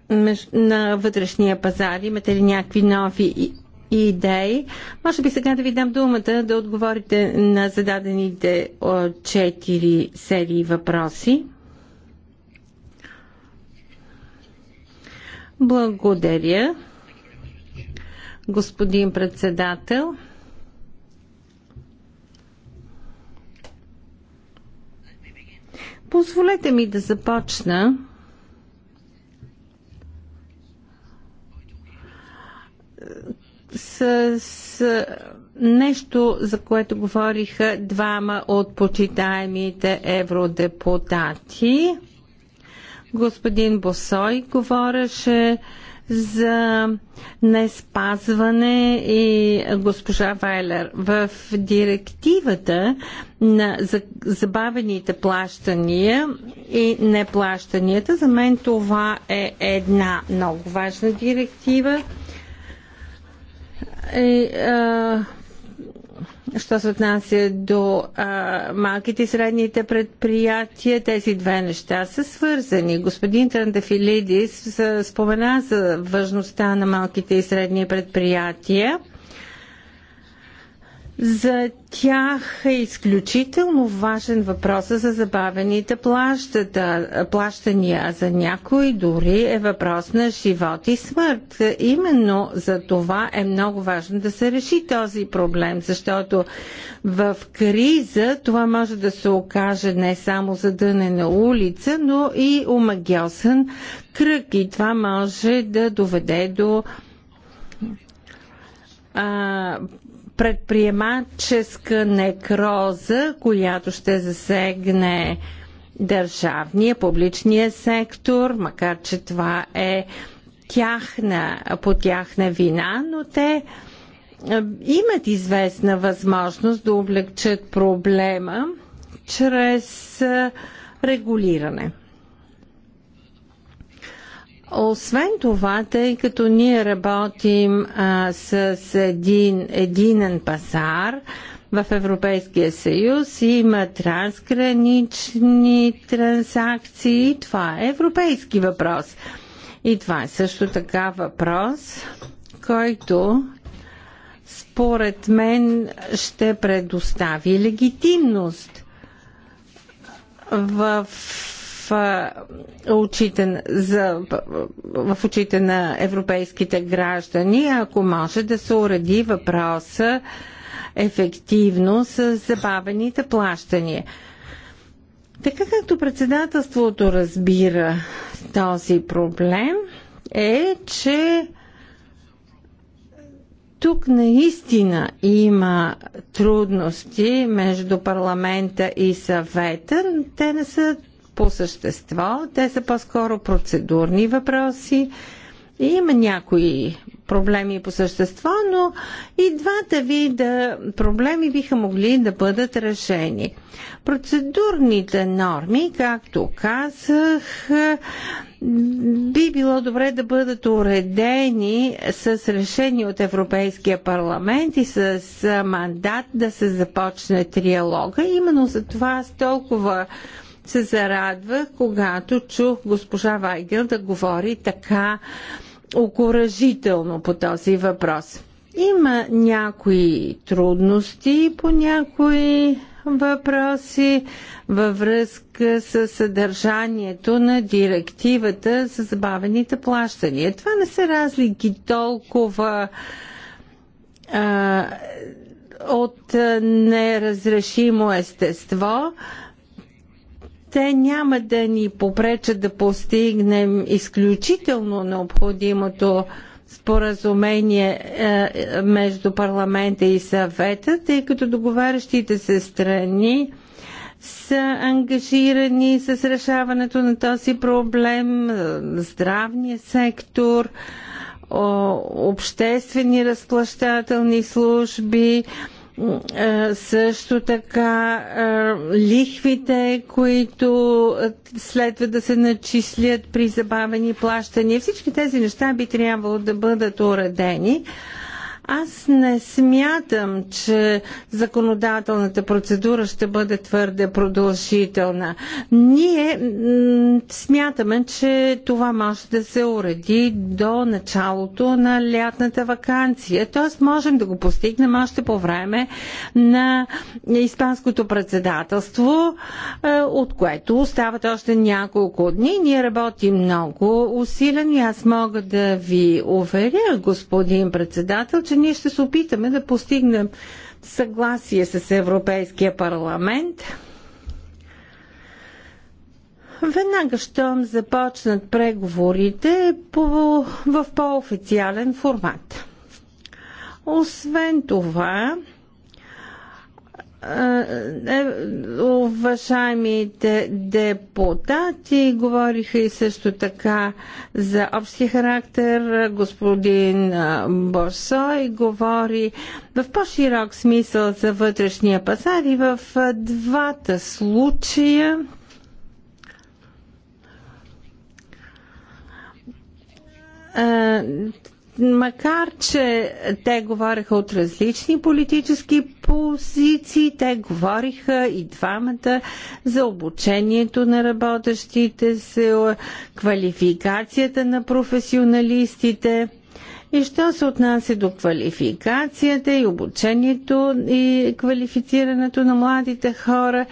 е, на вътрешния пазар. Имате ли някакви нови идеи? Може би сега да ви дам думата да отговорите на зададените е, четири серии въпроси. Благодаря, господин председател. Позволете ми да започна с, с нещо, за което говориха двама от почитаемите евродепутати. Господин Босой говореше за неспазване и госпожа Вайлер. В директивата на забавените плащания и неплащанията, за мен това е една много важна директива. И, а, Що се отнася до а, малките и средните предприятия, тези две неща са свързани. Господин Трандафилидис спомена за важността на малките и средни предприятия за тях е изключително важен въпрос за забавените плащата, плащания. За някои дори е въпрос на живот и смърт. Именно за това е много важно да се реши този проблем, защото в криза това може да се окаже не само за на улица, но и омагиосен кръг. И това може да доведе до предприемаческа некроза, която ще засегне държавния, публичния сектор, макар че това е тяхна, по тяхна вина, но те имат известна възможност да облегчат проблема чрез регулиране. Освен това, тъй като ние работим а, с един единен пазар в Европейския съюз, има трансгранични транзакции. Това е европейски въпрос. И това е също така въпрос, който според мен ще предостави легитимност в очите, за, в очите на европейските граждани, ако може да се уреди въпроса ефективно с забавените плащания. Така както председателството разбира този проблем, е, че тук наистина има трудности между парламента и съвета. Те не са по същество. Те са по-скоро процедурни въпроси. И има някои проблеми по същество, но и двата вида проблеми биха могли да бъдат решени. Процедурните норми, както казах, би било добре да бъдат уредени с решение от Европейския парламент и с мандат да се започне триалога. Именно за това аз толкова се зарадвах, когато чух госпожа Вайгел да говори така окоръжително по този въпрос. Има някои трудности по някои въпроси във връзка с съдържанието на директивата за забавените плащания. Това не са разлики толкова а, от неразрешимо естество, те няма да ни попречат да постигнем изключително необходимото споразумение е, между парламента и съвета, тъй като договарящите се страни са ангажирани с решаването на този проблем, е, здравния сектор, обществени разплащателни служби, е, също така е, лихвите, които следва да се начислят при забавени плащания. Всички тези неща би трябвало да бъдат уредени. Аз не смятам, че законодателната процедура ще бъде твърде продължителна. Ние смятаме, че това може да се уреди до началото на лятната вакансия. Т.е. можем да го постигнем още по време на Испанското председателство, е, от което остават още няколко дни. Ние работим много усилен и аз мога да ви уверя, господин председател, че ние ще се опитаме да постигнем съгласие с Европейския парламент. Веднага, щом започнат преговорите по, в по-официален формат. Освен това, е, е, уважаемите депутати говориха и също така за общи характер. Господин е, Борсой говори в по-широк смисъл за вътрешния пазар и в двата случая макар че те говореха от различни политически позиции. Те говориха и двамата за обучението на работещите, за квалификацията на професионалистите. И що се отнася до квалификацията и обучението и квалифицирането на младите хора,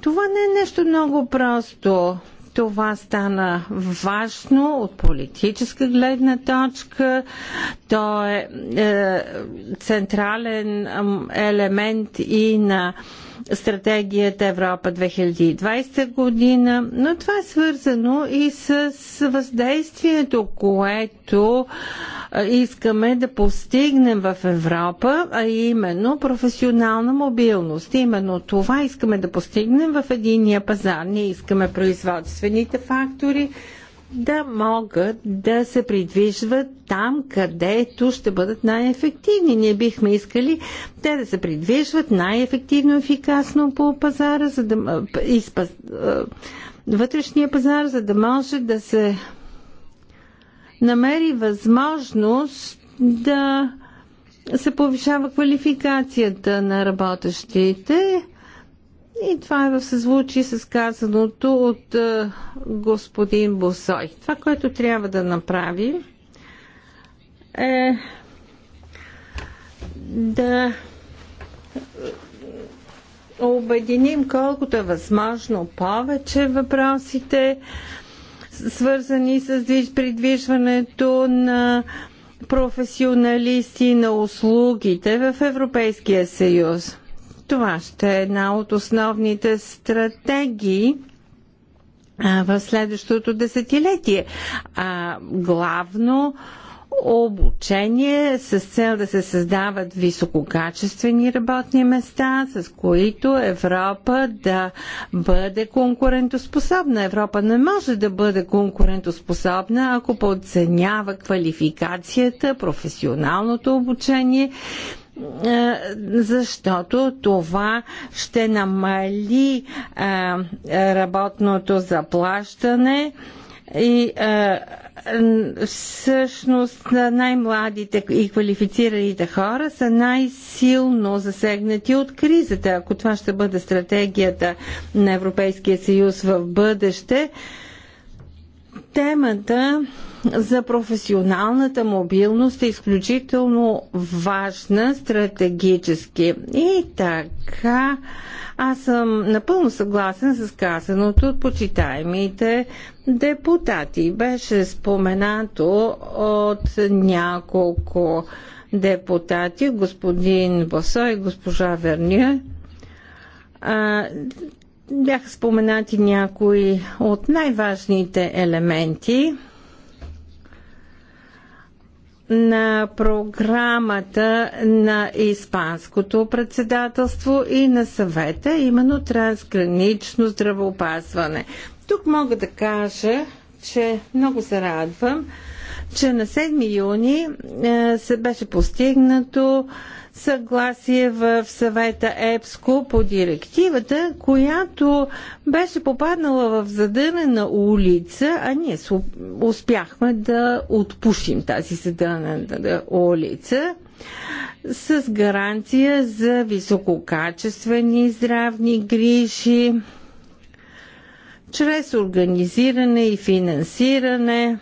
това не е нещо много просто. Това стана важно от политическа гледна точка. То е, е централен елемент и на стратегията Европа 2020 година, но това е свързано и с въздействието, което искаме да постигнем в Европа, а именно професионална мобилност. Именно това искаме да постигнем в единия пазар. Ние искаме производствените фактори, да могат да се придвижват там, където ще бъдат най-ефективни. Ние бихме искали те да се придвижват най-ефективно, ефикасно по пазара, за да, изпаз, вътрешния пазар, за да може да се намери възможност да се повишава квалификацията на работещите и това е в съзвучи с казаното от е, господин Босой. Това, което трябва да направим е да обединим колкото е възможно повече въпросите, свързани с придвижването на професионалисти на услугите в Европейския съюз. Това ще е една от основните стратегии в следващото десетилетие. А, главно обучение с цел да се създават висококачествени работни места, с които Европа да бъде конкурентоспособна. Европа не може да бъде конкурентоспособна, ако подценява квалификацията, професионалното обучение е, защото това ще намали е, работното заплащане и е, всъщност най-младите и квалифицираните хора са най-силно засегнати от кризата. Ако това ще бъде стратегията на Европейския съюз в бъдеще, темата за професионалната мобилност е изключително важна стратегически. И така, аз съм напълно съгласен с казаното от почитаемите депутати. Беше споменато от няколко депутати, господин Босо и госпожа Верния. Бяха споменати някои от най-важните елементи на програмата на Испанското председателство и на съвета, именно трансгранично здравеопазване. Тук мога да кажа, че много се радвам, че на 7 юни е, се беше постигнато съгласие в съвета ЕПСКО по директивата, която беше попаднала в задънена улица, а ние успяхме да отпушим тази задънена улица с гаранция за висококачествени здравни грижи, чрез организиране и финансиране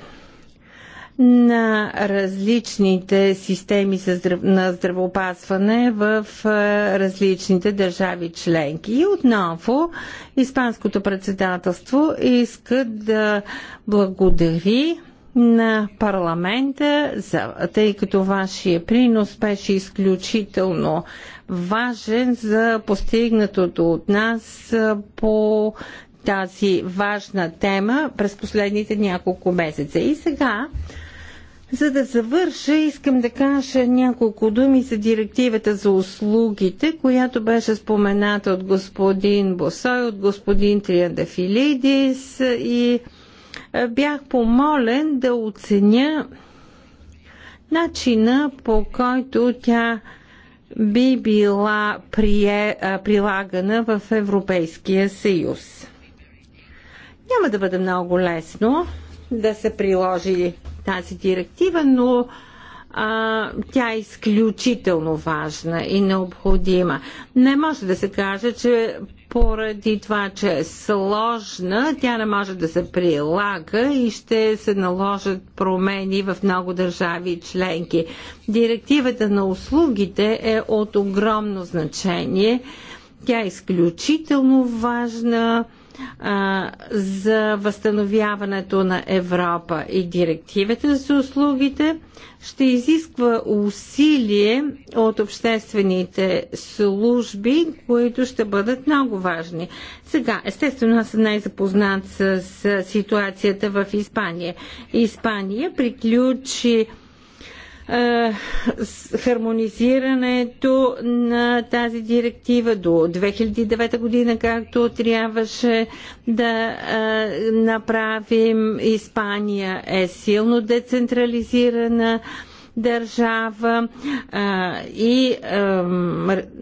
на различните системи на здравеопазване в различните държави членки. И отново Испанското председателство иска да благодари на парламента, тъй като вашия принос беше изключително важен за постигнатото от нас по тази важна тема през последните няколко месеца. И сега за да завърша, искам да кажа няколко думи за директивата за услугите, която беше спомената от господин Босой, от господин Триандафилидис и е, бях помолен да оценя начина по който тя би била прие, а, прилагана в Европейския съюз. Няма да бъде много лесно да се приложи тази директива, но а, тя е изключително важна и необходима. Не може да се каже, че поради това, че е сложна, тя не може да се прилага и ще се наложат промени в много държави и членки. Директивата на услугите е от огромно значение. Тя е изключително важна а, за възстановяването на Европа и директивата за услугите ще изисква усилие от обществените служби, които ще бъдат много важни. Сега, естествено, аз съм най-запознат с, с ситуацията в Испания. Испания приключи е, хармонизирането на тази директива до 2009 година, както трябваше да е, направим. Испания е силно децентрализирана държава а, и а,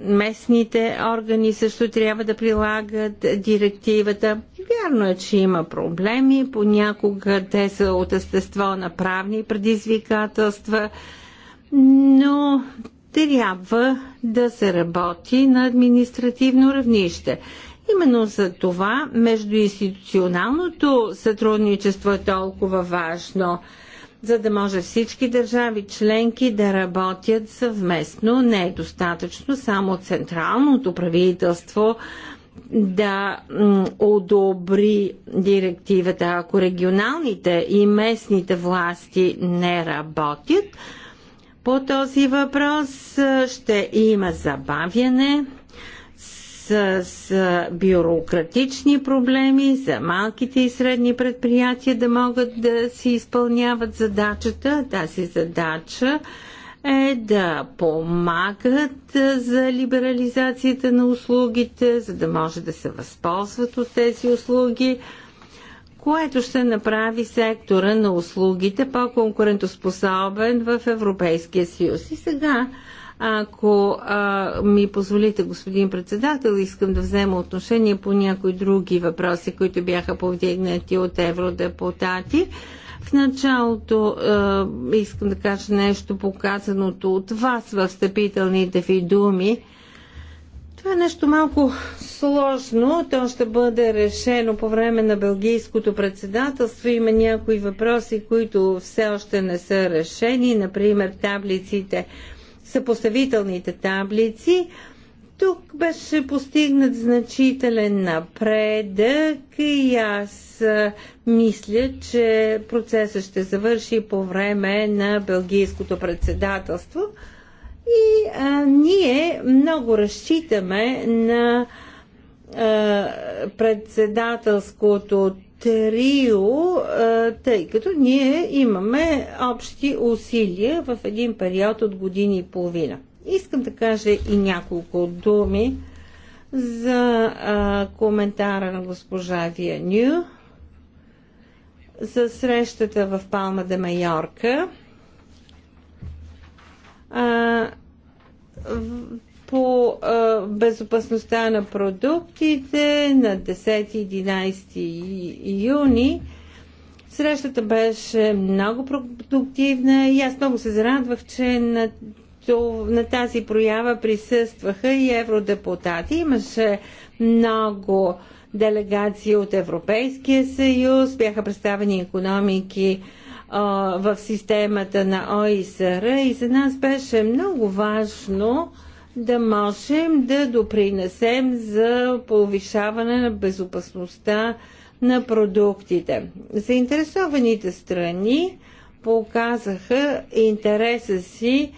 местните органи също трябва да прилагат директивата. Вярно е, че има проблеми, понякога те са от естество на правни предизвикателства, но трябва да се работи на административно равнище. Именно за това междуинституционалното сътрудничество е толкова важно – за да може всички държави членки да работят съвместно. Не е достатъчно само централното правителство да одобри директивата. Ако регионалните и местните власти не работят, по този въпрос ще има забавяне с, с бюрократични проблеми за малките и средни предприятия да могат да си изпълняват задачата. Тази задача е да помагат за либерализацията на услугите, за да може да се възползват от тези услуги, което ще направи сектора на услугите по-конкурентоспособен в Европейския съюз. И сега ако а, ми позволите, господин председател, искам да взема отношение по някои други въпроси, които бяха повдигнати от евродепутати. В началото а, искам да кажа нещо показаното от вас в встъпителните ви думи. Това е нещо малко сложно. То ще бъде решено по време на Белгийското председателство. Има някои въпроси, които все още не са решени, например таблиците съпоставителните таблици. Тук беше постигнат значителен напредък и аз мисля, че процесът ще завърши по време на Белгийското председателство. И а, ние много разчитаме на а, председателското трио, тъй като ние имаме общи усилия в един период от години и половина. Искам да кажа и няколко думи за а, коментара на госпожа Вианю за срещата в Палма де Майорка. А, по а, безопасността на продуктите на 10-11 юни. Срещата беше много продуктивна и аз много се зарадвах, че на, на тази проява присъстваха и евродепутати. Имаше много делегации от Европейския съюз, бяха представени економики а, в системата на ОИСР и за нас беше много важно да можем да допринесем за повишаване на безопасността на продуктите. Заинтересованите страни показаха интереса си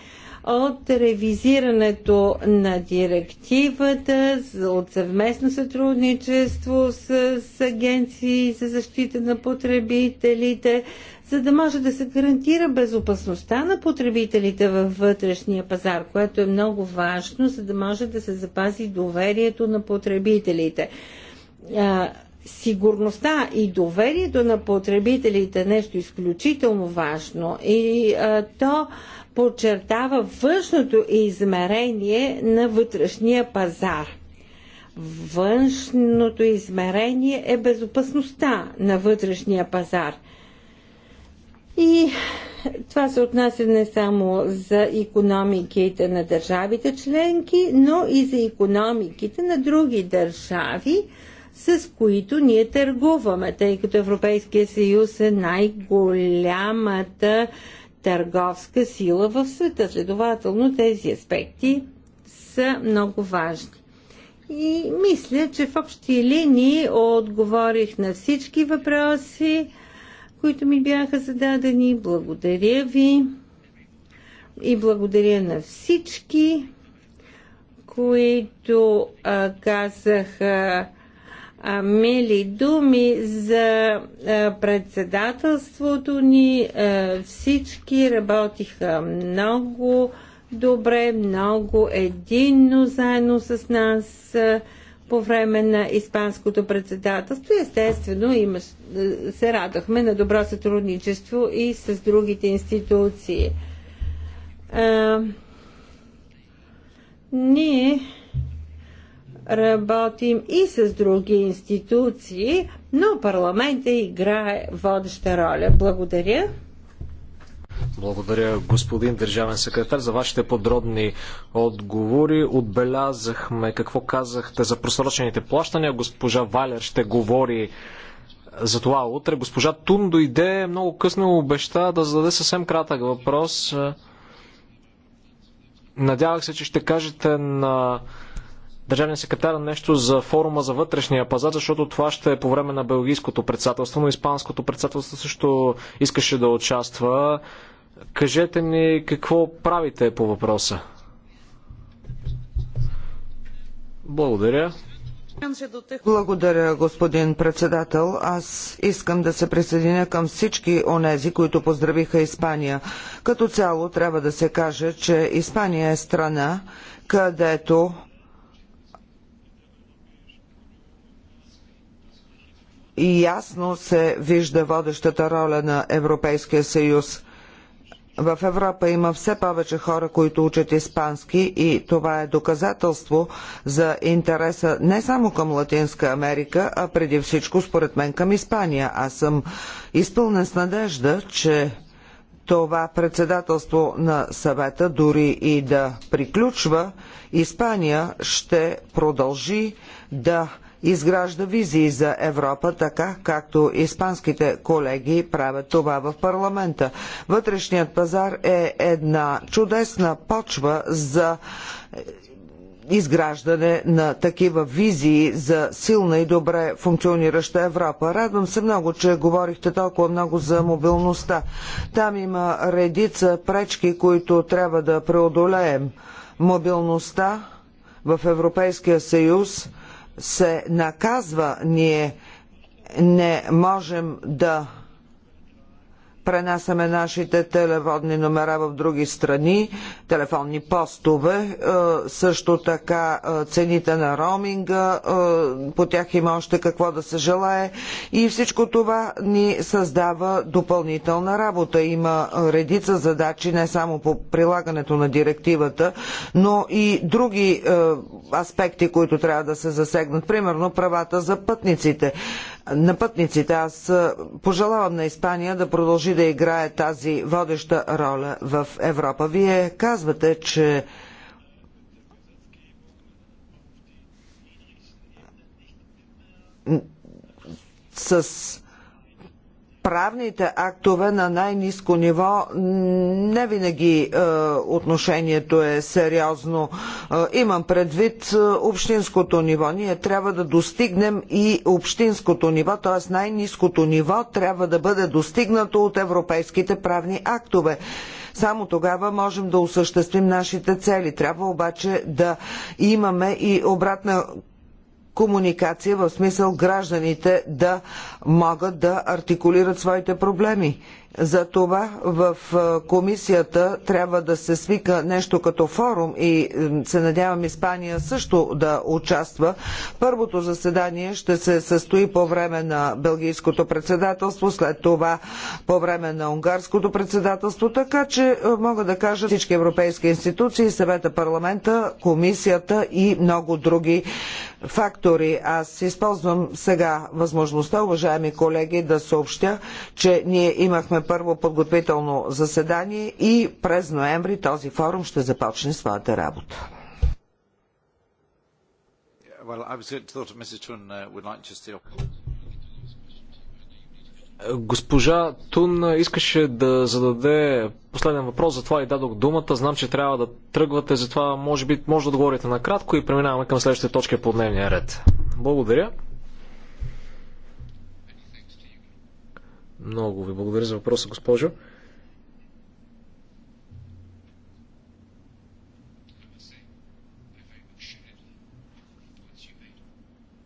от ревизирането на директивата от съвместно сътрудничество с, с агенции за защита на потребителите за да може да се гарантира безопасността на потребителите във вътрешния пазар, което е много важно, за да може да се запази доверието на потребителите. сигурността и доверието на потребителите е нещо изключително важно и а, то подчертава външното измерение на вътрешния пазар. Външното измерение е безопасността на вътрешния пазар. И това се отнася не само за економиките на държавите членки, но и за економиките на други държави, с които ние търгуваме, тъй като Европейския съюз е най-голямата търговска сила в света. Следователно тези аспекти са много важни. И мисля, че в общи линии отговорих на всички въпроси които ми бяха зададени. Благодаря ви и благодаря на всички, които а, казаха а, мили думи за а, председателството ни. А, всички работиха много добре, много единно заедно с нас. А, по време на Испанското председателство. Естествено, имаш, се радахме на добро сътрудничество и с другите институции. А, ние работим и с други институции, но парламента играе водеща роля. Благодаря. Благодаря, господин държавен секретар, за вашите подробни отговори. Отбелязахме какво казахте за просрочените плащания. Госпожа Валер ще говори за това утре. Госпожа Тун дойде много късно обеща да зададе съвсем кратък въпрос. Надявах се, че ще кажете на държавния секретар нещо за форума за вътрешния пазар, защото това ще е по време на белгийското председателство, но испанското председателство също искаше да участва. Кажете ми какво правите по въпроса. Благодаря. Благодаря, господин председател. Аз искам да се присъединя към всички онези, които поздравиха Испания. Като цяло трябва да се каже, че Испания е страна, където ясно се вижда водещата роля на Европейския съюз. В Европа има все повече хора, които учат испански и това е доказателство за интереса не само към Латинска Америка, а преди всичко според мен към Испания. Аз съм изпълнен с надежда, че това председателство на съвета, дори и да приключва, Испания ще продължи да изгражда визии за Европа, така както испанските колеги правят това в парламента. Вътрешният пазар е една чудесна почва за изграждане на такива визии за силна и добре функционираща Европа. Радвам се много, че говорихте толкова много за мобилността. Там има редица пречки, които трябва да преодолеем. Мобилността в Европейския съюз се наказва. Ние не можем да пренасяме нашите телеводни номера в други страни, телефонни постове, е, също така е, цените на роуминга, е, по тях има още какво да се желае и всичко това ни създава допълнителна работа. Има редица задачи не само по прилагането на директивата, но и други аспекти, които трябва да се засегнат. Примерно правата за пътниците на пътниците. Аз пожелавам на Испания да продължи да играе тази водеща роля в Европа. Вие казвате, че с правните актове на най-низко ниво не винаги е, отношението е сериозно. Е, имам предвид е, общинското ниво. Ние трябва да достигнем и общинското ниво, т.е. най-низкото ниво трябва да бъде достигнато от европейските правни актове. Само тогава можем да осъществим нашите цели. Трябва обаче да имаме и обратна комуникация в смисъл гражданите да могат да артикулират своите проблеми. Затова в комисията трябва да се свика нещо като форум и се надявам Испания също да участва. Първото заседание ще се състои по време на Белгийското председателство, след това по време на Унгарското председателство, така че мога да кажа всички европейски институции, съвета парламента, комисията и много други фактори. Аз използвам сега възможността, уважаеми колеги, да съобщя, че ние имахме първо подготвително заседание и през ноември този форум ще започне своята работа. Госпожа Тун искаше да зададе последен въпрос, затова и дадох думата. Знам, че трябва да тръгвате, затова може би може да отговорите накратко и преминаваме към следващите точки по дневния ред. Благодаря. Много ви благодаря за въпроса, госпожо.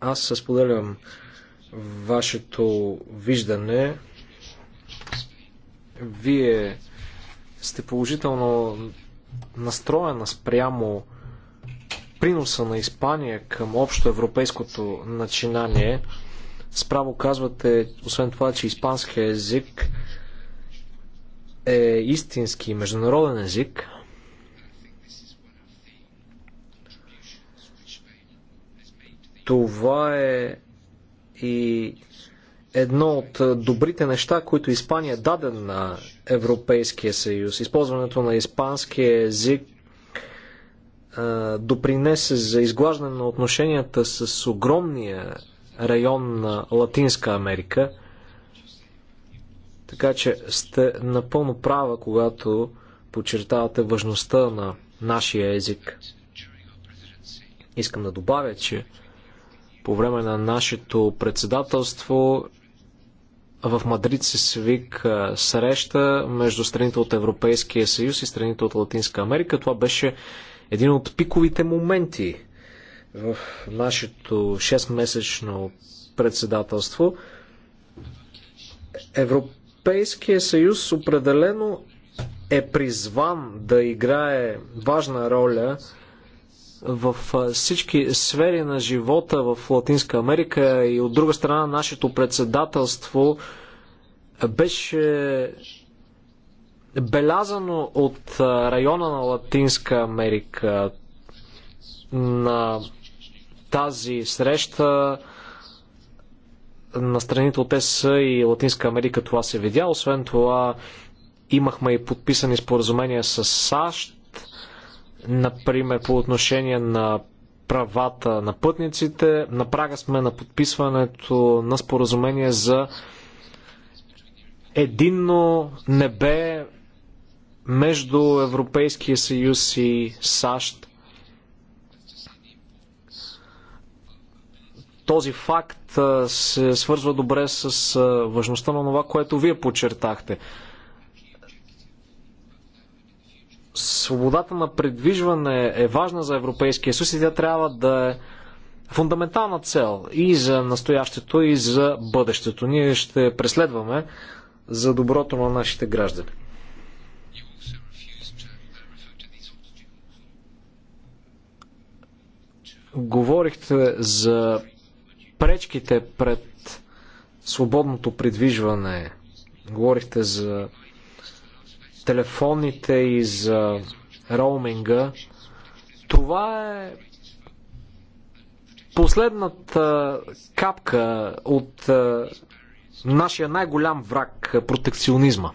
Аз се споделям вашето виждане. Вие сте положително настроена спрямо приноса на Испания към общо европейското начинание. Справо казвате, освен това, че испанският език е истински международен език. Това е и едно от добрите неща, които Испания даде на Европейския съюз. Използването на испанския език допринесе за изглаждане на отношенията с огромния район на Латинска Америка. Така че сте напълно права, когато подчертавате важността на нашия език. Искам да добавя, че по време на нашето председателство в Мадрид се свика среща между страните от Европейския съюз и страните от Латинска Америка. Това беше един от пиковите моменти в нашето 6-месечно председателство. Европейския съюз определено е призван да играе важна роля в всички сфери на живота в Латинска Америка и от друга страна нашето председателство беше белязано от района на Латинска Америка на тази среща на страните от ЕС и Латинска Америка това се видя. Освен това имахме и подписани споразумения с САЩ Например, по отношение на правата на пътниците. На прага сме на подписването на споразумение за единно небе между Европейския съюз и САЩ. Този факт се свързва добре с важността на това, което вие подчертахте свободата на предвижване е важна за Европейския съюз и тя трябва да е фундаментална цел и за настоящето, и за бъдещето. Ние ще преследваме за доброто на нашите граждани. Говорихте за пречките пред свободното придвижване. Говорихте за телефоните и за роуминга. Това е последната капка от е, нашия най-голям враг протекционизма.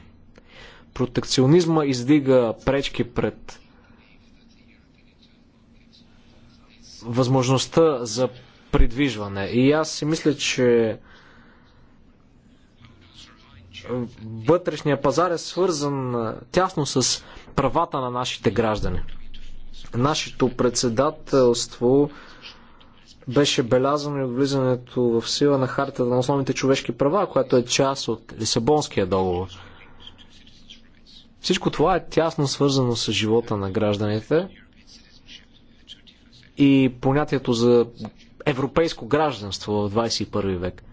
Протекционизма издига пречки пред възможността за придвижване. И аз си мисля, че вътрешния пазар е свързан тясно с правата на нашите граждани. Нашето председателство беше белязано и от влизането в сила на хартата на основните човешки права, която е част от Лисабонския договор. Всичко това е тясно свързано с живота на гражданите и понятието за европейско гражданство в 21 век.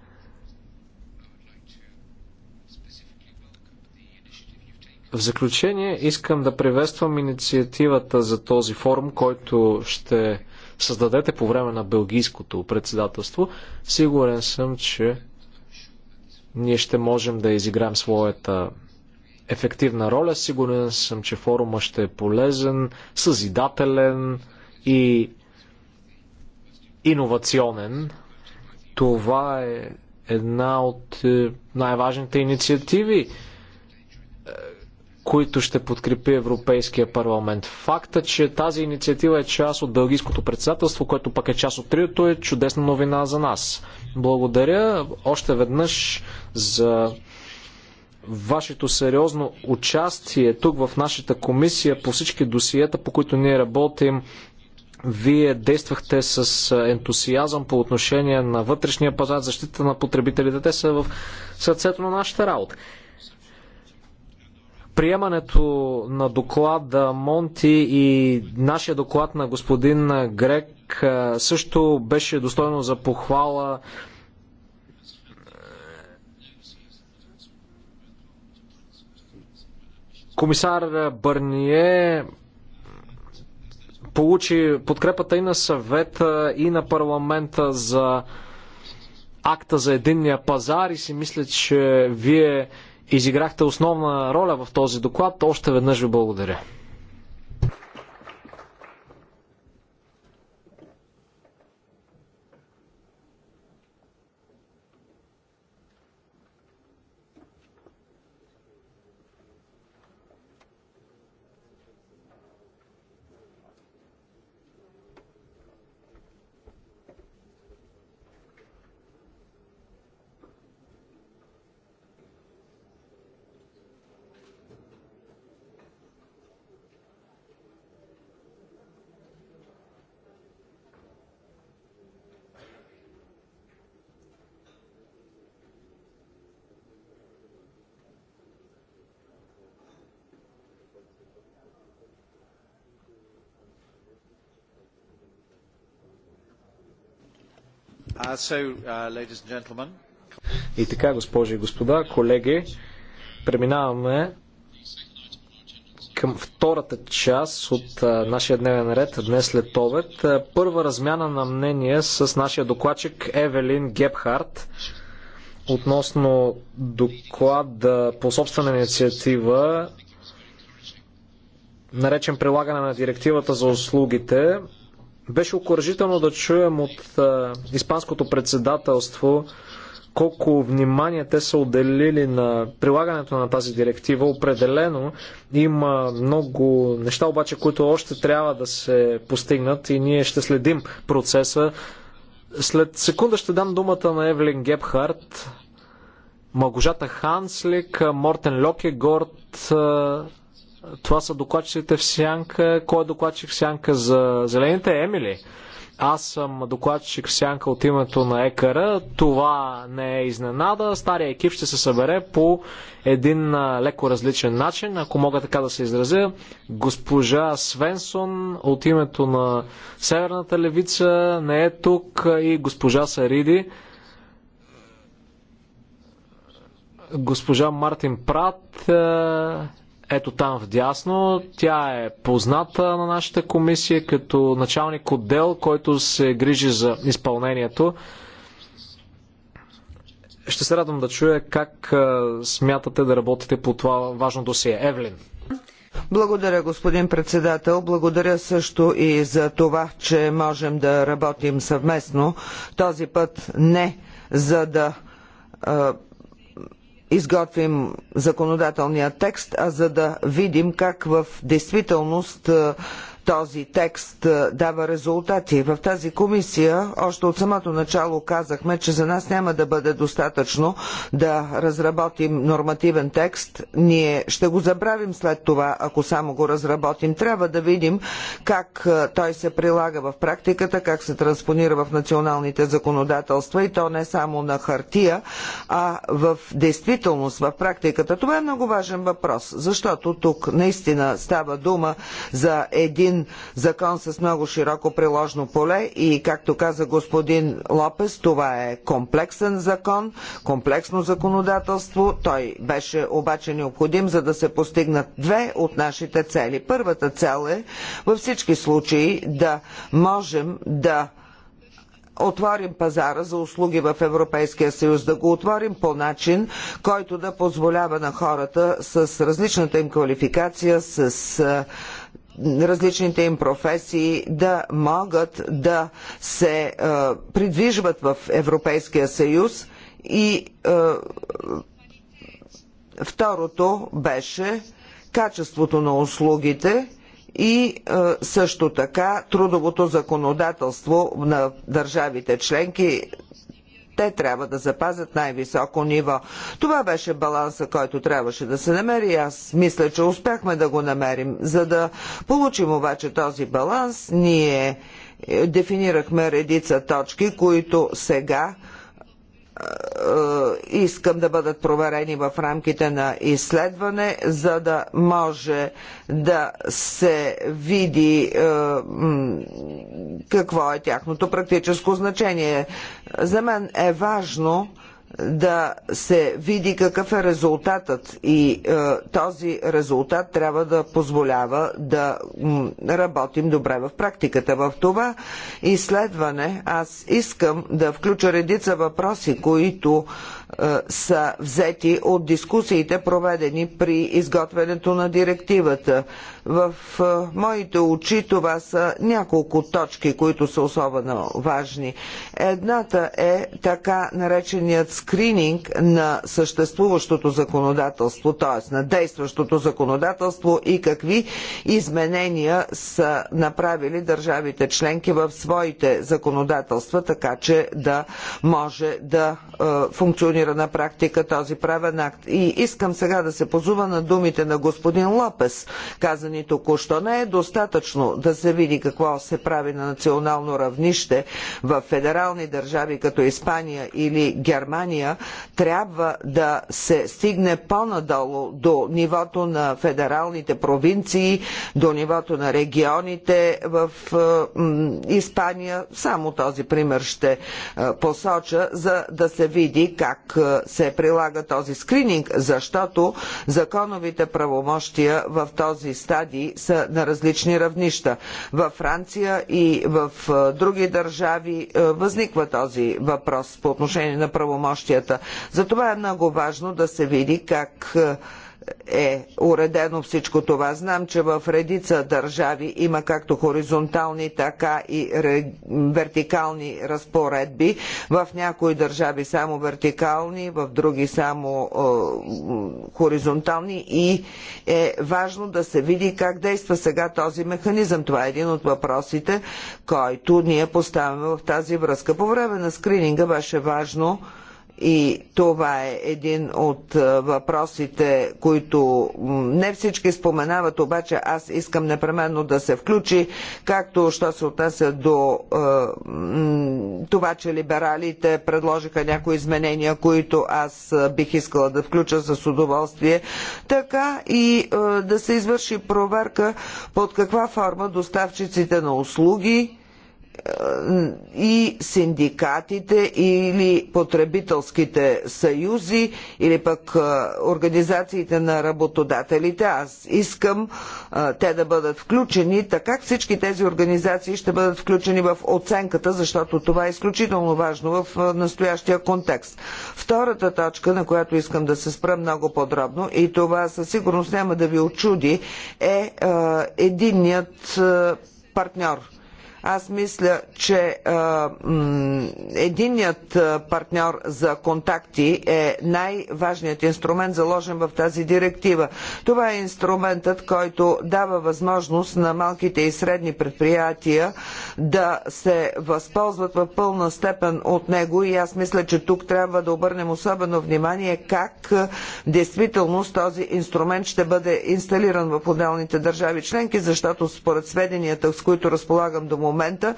В заключение искам да приветствам инициативата за този форум, който ще създадете по време на белгийското председателство. Сигурен съм, че ние ще можем да изиграем своята ефективна роля. Сигурен съм, че форума ще е полезен, съзидателен и иновационен. Това е една от е, най-важните инициативи които ще подкрепи Европейския парламент. Факта, че тази инициатива е част от Белгийското председателство, което пък е част от триото, е чудесна новина за нас. Благодаря още веднъж за вашето сериозно участие тук в нашата комисия по всички досиета, по които ние работим. Вие действахте с ентусиазъм по отношение на вътрешния пазар, защита на потребителите. Те са в сърцето на нашата работа приемането на доклада Монти и нашия доклад на господин Грек също беше достойно за похвала. Комисар Бърние получи подкрепата и на съвета, и на парламента за акта за единния пазар и си мисля, че вие изиграхте основна роля в този доклад. Още веднъж ви благодаря. Uh, uh, и така, госпожи и господа, колеги, преминаваме към втората част от нашия дневен ред днес след обед. Първа размяна на мнение с нашия докладчик Евелин Гепхарт относно доклад по собствена инициатива наречен прилагане на директивата за услугите беше окоръжително да чуем от а, Испанското председателство колко внимание те са отделили на прилагането на тази директива. Определено има много неща, обаче, които още трябва да се постигнат и ние ще следим процеса. След секунда ще дам думата на Евлин Гепхарт, Магожата Ханслик, Мортен Локегорд, това са докладчиците в Сянка. Кой е докладчик в Сянка за зелените? Емили. Аз съм докладчик в Сянка от името на ЕКР. Това не е изненада. Стария екип ще се събере по един леко различен начин, ако мога така да се изразя. Госпожа Свенсон от името на Северната левица не е тук и госпожа Сариди. Госпожа Мартин Прат ето там вдясно. Тя е позната на нашата комисия като началник отдел, който се грижи за изпълнението. Ще се радвам да чуя как смятате да работите по това важно досие. Евлин. Благодаря, господин председател. Благодаря също и за това, че можем да работим съвместно. Този път не за да изготвим законодателния текст, а за да видим как в действителност този текст дава резултати. В тази комисия още от самото начало казахме, че за нас няма да бъде достатъчно да разработим нормативен текст. Ние ще го забравим след това, ако само го разработим. Трябва да видим как той се прилага в практиката, как се транспонира в националните законодателства и то не само на хартия, а в действителност, в практиката. Това е много важен въпрос, защото тук наистина става дума за един един закон с много широко приложно поле и, както каза господин Лопес, това е комплексен закон, комплексно законодателство. Той беше обаче необходим, за да се постигнат две от нашите цели. Първата цел е във всички случаи да можем да отворим пазара за услуги в Европейския съюз, да го отворим по начин, който да позволява на хората с различната им квалификация, с различните им професии да могат да се е, придвижват в Европейския съюз и е, второто беше качеството на услугите и е, също така трудовото законодателство на държавите членки те трябва да запазят най-високо ниво. Това беше баланса, който трябваше да се намери. Аз мисля, че успяхме да го намерим. За да получим обаче този баланс, ние е, дефинирахме редица точки, които сега е, искам да бъдат проверени в рамките на изследване, за да може да се види е, какво е тяхното практическо значение. За мен е важно да се види какъв е резултатът и е, този резултат трябва да позволява да работим добре в практиката. В това изследване аз искам да включа редица въпроси, които е, са взети от дискусиите, проведени при изготвянето на директивата. В е, моите очи това са няколко точки, които са особено важни. Едната е така нареченият скрининг на съществуващото законодателство, т.е. на действащото законодателство и какви изменения са направили държавите членки в своите законодателства, така че да може да е, функционира транспонира на практика този правен акт. И искам сега да се позова на думите на господин Лопес, казани току-що. Не е достатъчно да се види какво се прави на национално равнище в федерални държави като Испания или Германия. Трябва да се стигне по-надолу до нивото на федералните провинции, до нивото на регионите в е, Испания. Само този пример ще е, посоча, за да се види как се прилага този скрининг, защото законовите правомощия в този стадий са на различни равнища. Във Франция и в други държави възниква този въпрос по отношение на правомощията. Затова е много важно да се види как е уредено всичко това. Знам, че в редица държави има както хоризонтални, така и вертикални разпоредби. В някои държави само вертикални, в други само е, хоризонтални и е важно да се види как действа сега този механизъм. Това е един от въпросите, който ние поставяме в тази връзка. По време на скрининга беше важно и това е един от е, въпросите, които не всички споменават, обаче аз искам непременно да се включи, както що се отнася до е, това, че либералите предложиха някои изменения, които аз е, бих искала да включа с удоволствие, така и е, да се извърши проверка под каква форма доставчиците на услуги и синдикатите или потребителските съюзи или пък организациите на работодателите. Аз искам те да бъдат включени, така всички тези организации ще бъдат включени в оценката, защото това е изключително важно в настоящия контекст. Втората точка, на която искам да се спра много подробно и това със сигурност няма да ви очуди, е единният партньор – аз мисля, че е, единният партньор за контакти е най-важният инструмент, заложен в тази директива. Това е инструментът, който дава възможност на малките и средни предприятия да се възползват в пълна степен от него и аз мисля, че тук трябва да обърнем особено внимание как в действителност този инструмент ще бъде инсталиран в отделните държави членки, защото според сведенията, с които разполагам до момента, момента.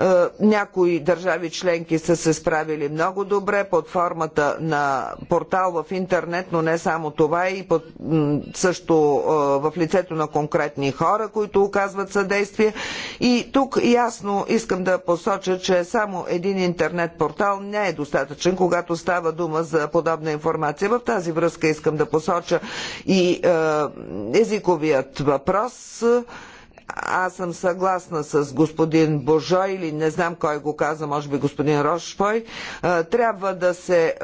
Е, някои държави членки са се справили много добре под формата на портал в интернет, но не само това и под, също е, в лицето на конкретни хора, които оказват съдействие. И тук ясно искам да посоча, че само един интернет портал не е достатъчен, когато става дума за подобна информация. В тази връзка искам да посоча и е, езиковият въпрос. Е, аз съм съгласна с господин Божо или не знам кой го каза, може би господин Рошпой. Е, трябва да се е,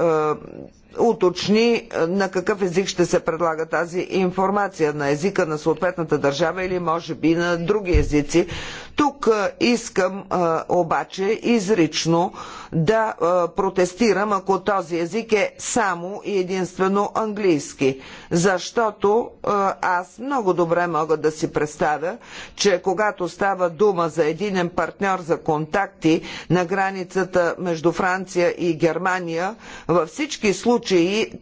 уточни е, на какъв език ще се предлага тази информация на езика на съответната държава или може би на други езици. Тук искам обаче изрично да протестирам, ако този език е само и единствено английски. Защото аз много добре мога да си представя, че когато става дума за единен партньор за контакти на границата между Франция и Германия, във всички случаи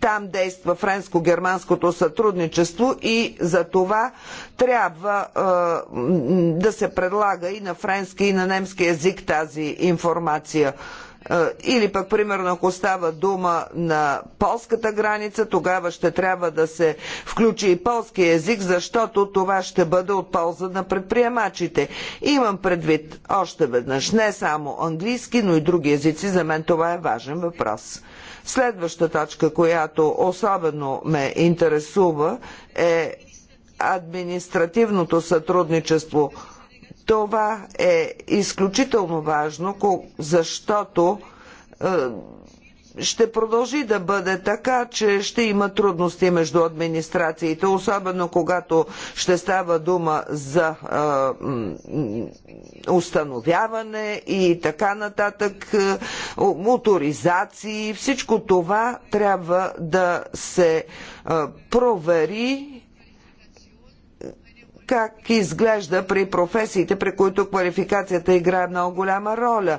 там действа френско-германското сътрудничество и за това трябва да се предлага и на френски и на немски язик тази информация. Е, или пък, примерно, ако става дума на полската граница, тогава ще трябва да се включи и полски език, защото това ще бъде от полза на предприемачите. Имам предвид още веднъж не само английски, но и други езици. За мен това е важен въпрос. Следваща точка, която особено ме интересува е административното сътрудничество. Това е изключително важно, защото е, ще продължи да бъде така, че ще има трудности между администрациите, особено когато ще става дума за е, установяване и така нататък, е, моторизации. Всичко това трябва да се е, провери как изглежда при професиите, при които квалификацията играе много голяма роля.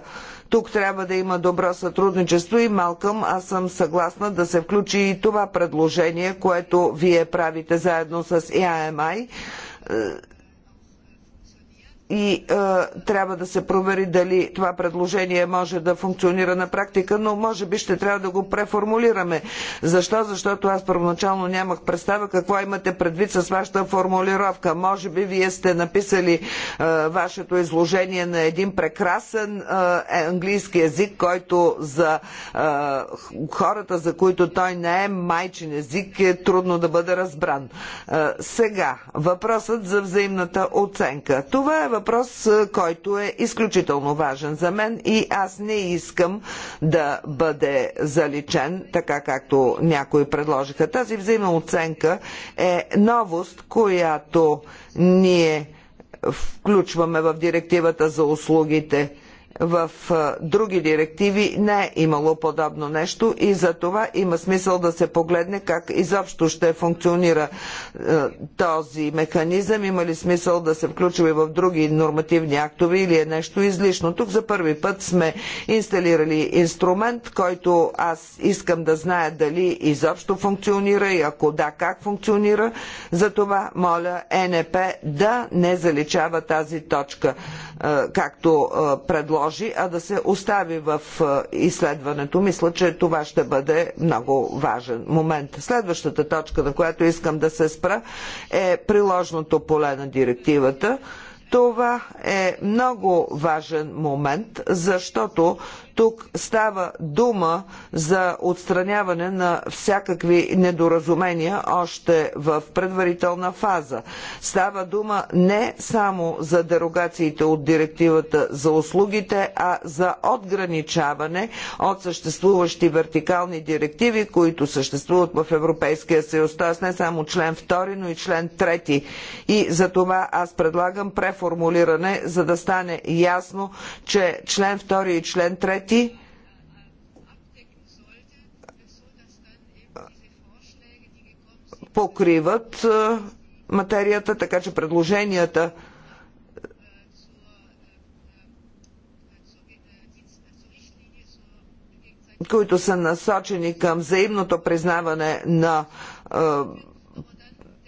Тук трябва да има добро сътрудничество и Малкъм, аз съм съгласна да се включи и това предложение, което вие правите заедно с EAMI е, и е, трябва да се провери дали това предложение може да функционира на практика, но може би ще трябва да го преформулираме. Защо? Защото аз първоначално нямах представа какво имате предвид с вашата формулировка. Може би вие сте написали е, вашето изложение на един прекрасен е, английски език, който за е, хората, за които той не е майчин език, е трудно да бъде разбран. Е, сега, въпросът за взаимната оценка. Това е въпрос, който е изключително важен за мен и аз не искам да бъде заличен, така както някои предложиха. Тази взаимооценка е новост, която ние включваме в директивата за услугите в други директиви не е имало подобно нещо и за това има смисъл да се погледне как изобщо ще функционира този механизъм, има ли смисъл да се включва и в други нормативни актове или е нещо излишно. Тук за първи път сме инсталирали инструмент, който аз искам да зная дали изобщо функционира и ако да, как функционира. За това моля ЕНП да не заличава тази точка както предложи, а да се остави в изследването. Мисля, че това ще бъде много важен момент. Следващата точка, на която искам да се спра, е приложното поле на директивата. Това е много важен момент, защото тук става дума за отстраняване на всякакви недоразумения още в предварителна фаза. Става дума не само за дерогациите от директивата за услугите, а за отграничаване от съществуващи вертикални директиви, които съществуват в Европейския съюз. т.е. не само член 2, но и член 3. И за това аз предлагам преформулиране, за да стане ясно, че член 2 и член 3 Ferretti. покриват материята, така че предложенията които са насочени към взаимното признаване на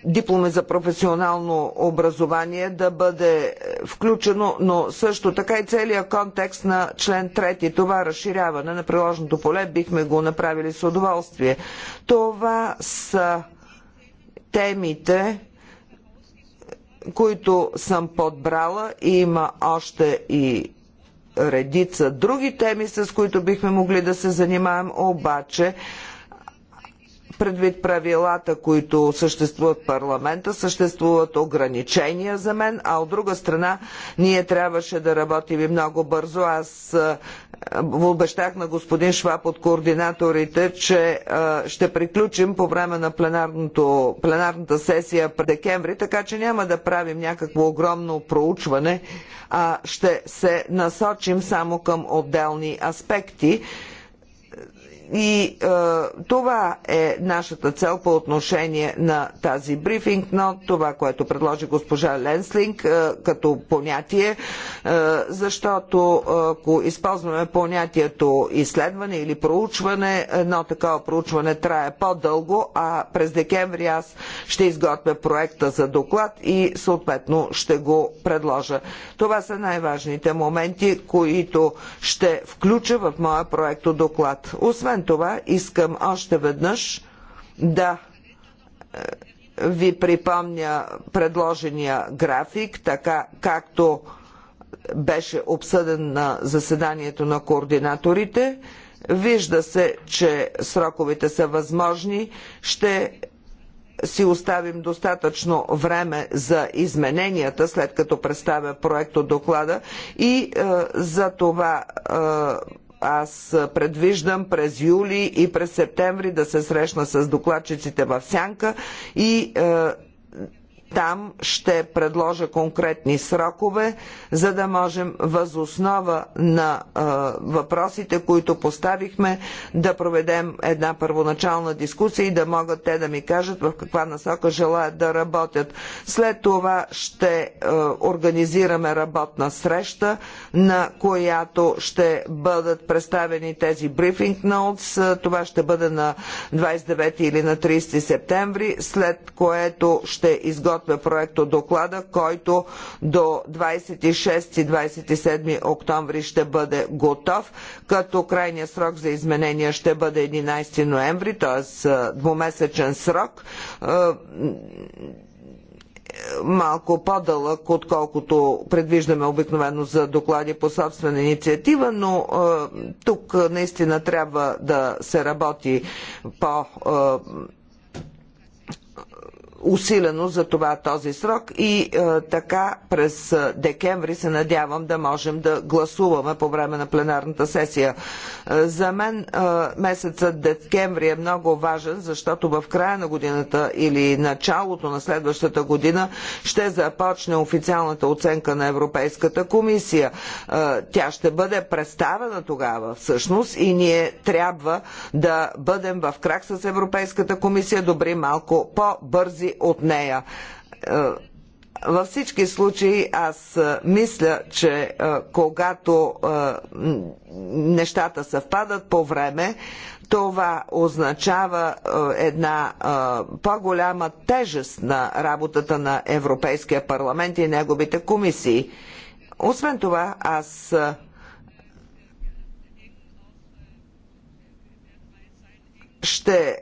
дипломи за професионално образование да бъде включено, но също така и целият контекст на член 3. Това разширяване на приложното поле бихме го направили с удоволствие. Това са темите, които съм подбрала и има още и редица други теми, с които бихме могли да се занимаем, обаче предвид правилата, които съществуват в парламента, съществуват ограничения за мен, а от друга страна ние трябваше да работим и много бързо. Аз обещах на господин Шваб от координаторите, че ще приключим по време на пленарната сесия през декември, така че няма да правим някакво огромно проучване, а ще се насочим само към отделни аспекти. И е, това е нашата цел по отношение на тази брифинг нот, това, което предложи госпожа Ленслинг е, като понятие, е, защото е, ако използваме понятието изследване или проучване, едно такова проучване трае по-дълго, а през декември аз ще изготвя проекта за доклад и съответно ще го предложа. Това са най-важните моменти, които ще включа в моя проекто доклад. Освен освен това, искам още веднъж да е, ви припомня предложения график, така както беше обсъден на заседанието на координаторите. Вижда се, че сроковете са възможни. Ще си оставим достатъчно време за измененията, след като представя проект от доклада и е, за това е, аз предвиждам през юли и през септември да се срещна с докладчиците в Сянка и е, там ще предложа конкретни срокове, за да можем възоснова на а, въпросите, които поставихме, да проведем една първоначална дискусия и да могат те да ми кажат в каква насока желаят да работят. След това ще а, организираме работна среща, на която ще бъдат представени тези брифинг ноутс. Това ще бъде на 29 или на 30 септември, след което ще изготвим подготвя проектодоклада, доклада, който до 26-27 октомври ще бъде готов, като крайният срок за изменения ще бъде 11 ноември, т.е. двумесечен срок е, малко по-дълъг, отколкото предвиждаме обикновено за доклади по собствена инициатива, но е, тук наистина трябва да се работи по е, усилено за това този срок и е, така през е, декември се надявам да можем да гласуваме по време на пленарната сесия. Е, за мен е, месецът декември е много важен, защото в края на годината или началото на следващата година ще започне официалната оценка на Европейската комисия. Е, тя ще бъде представена тогава всъщност и ние трябва да бъдем в крак с Европейската комисия, добри малко по-бързи ползи от нея. Е, във всички случаи аз е, мисля, че е, когато нещата съвпадат по време, това означава една по-голяма тежест на работата на Европейския парламент и неговите комисии. Освен това, аз ще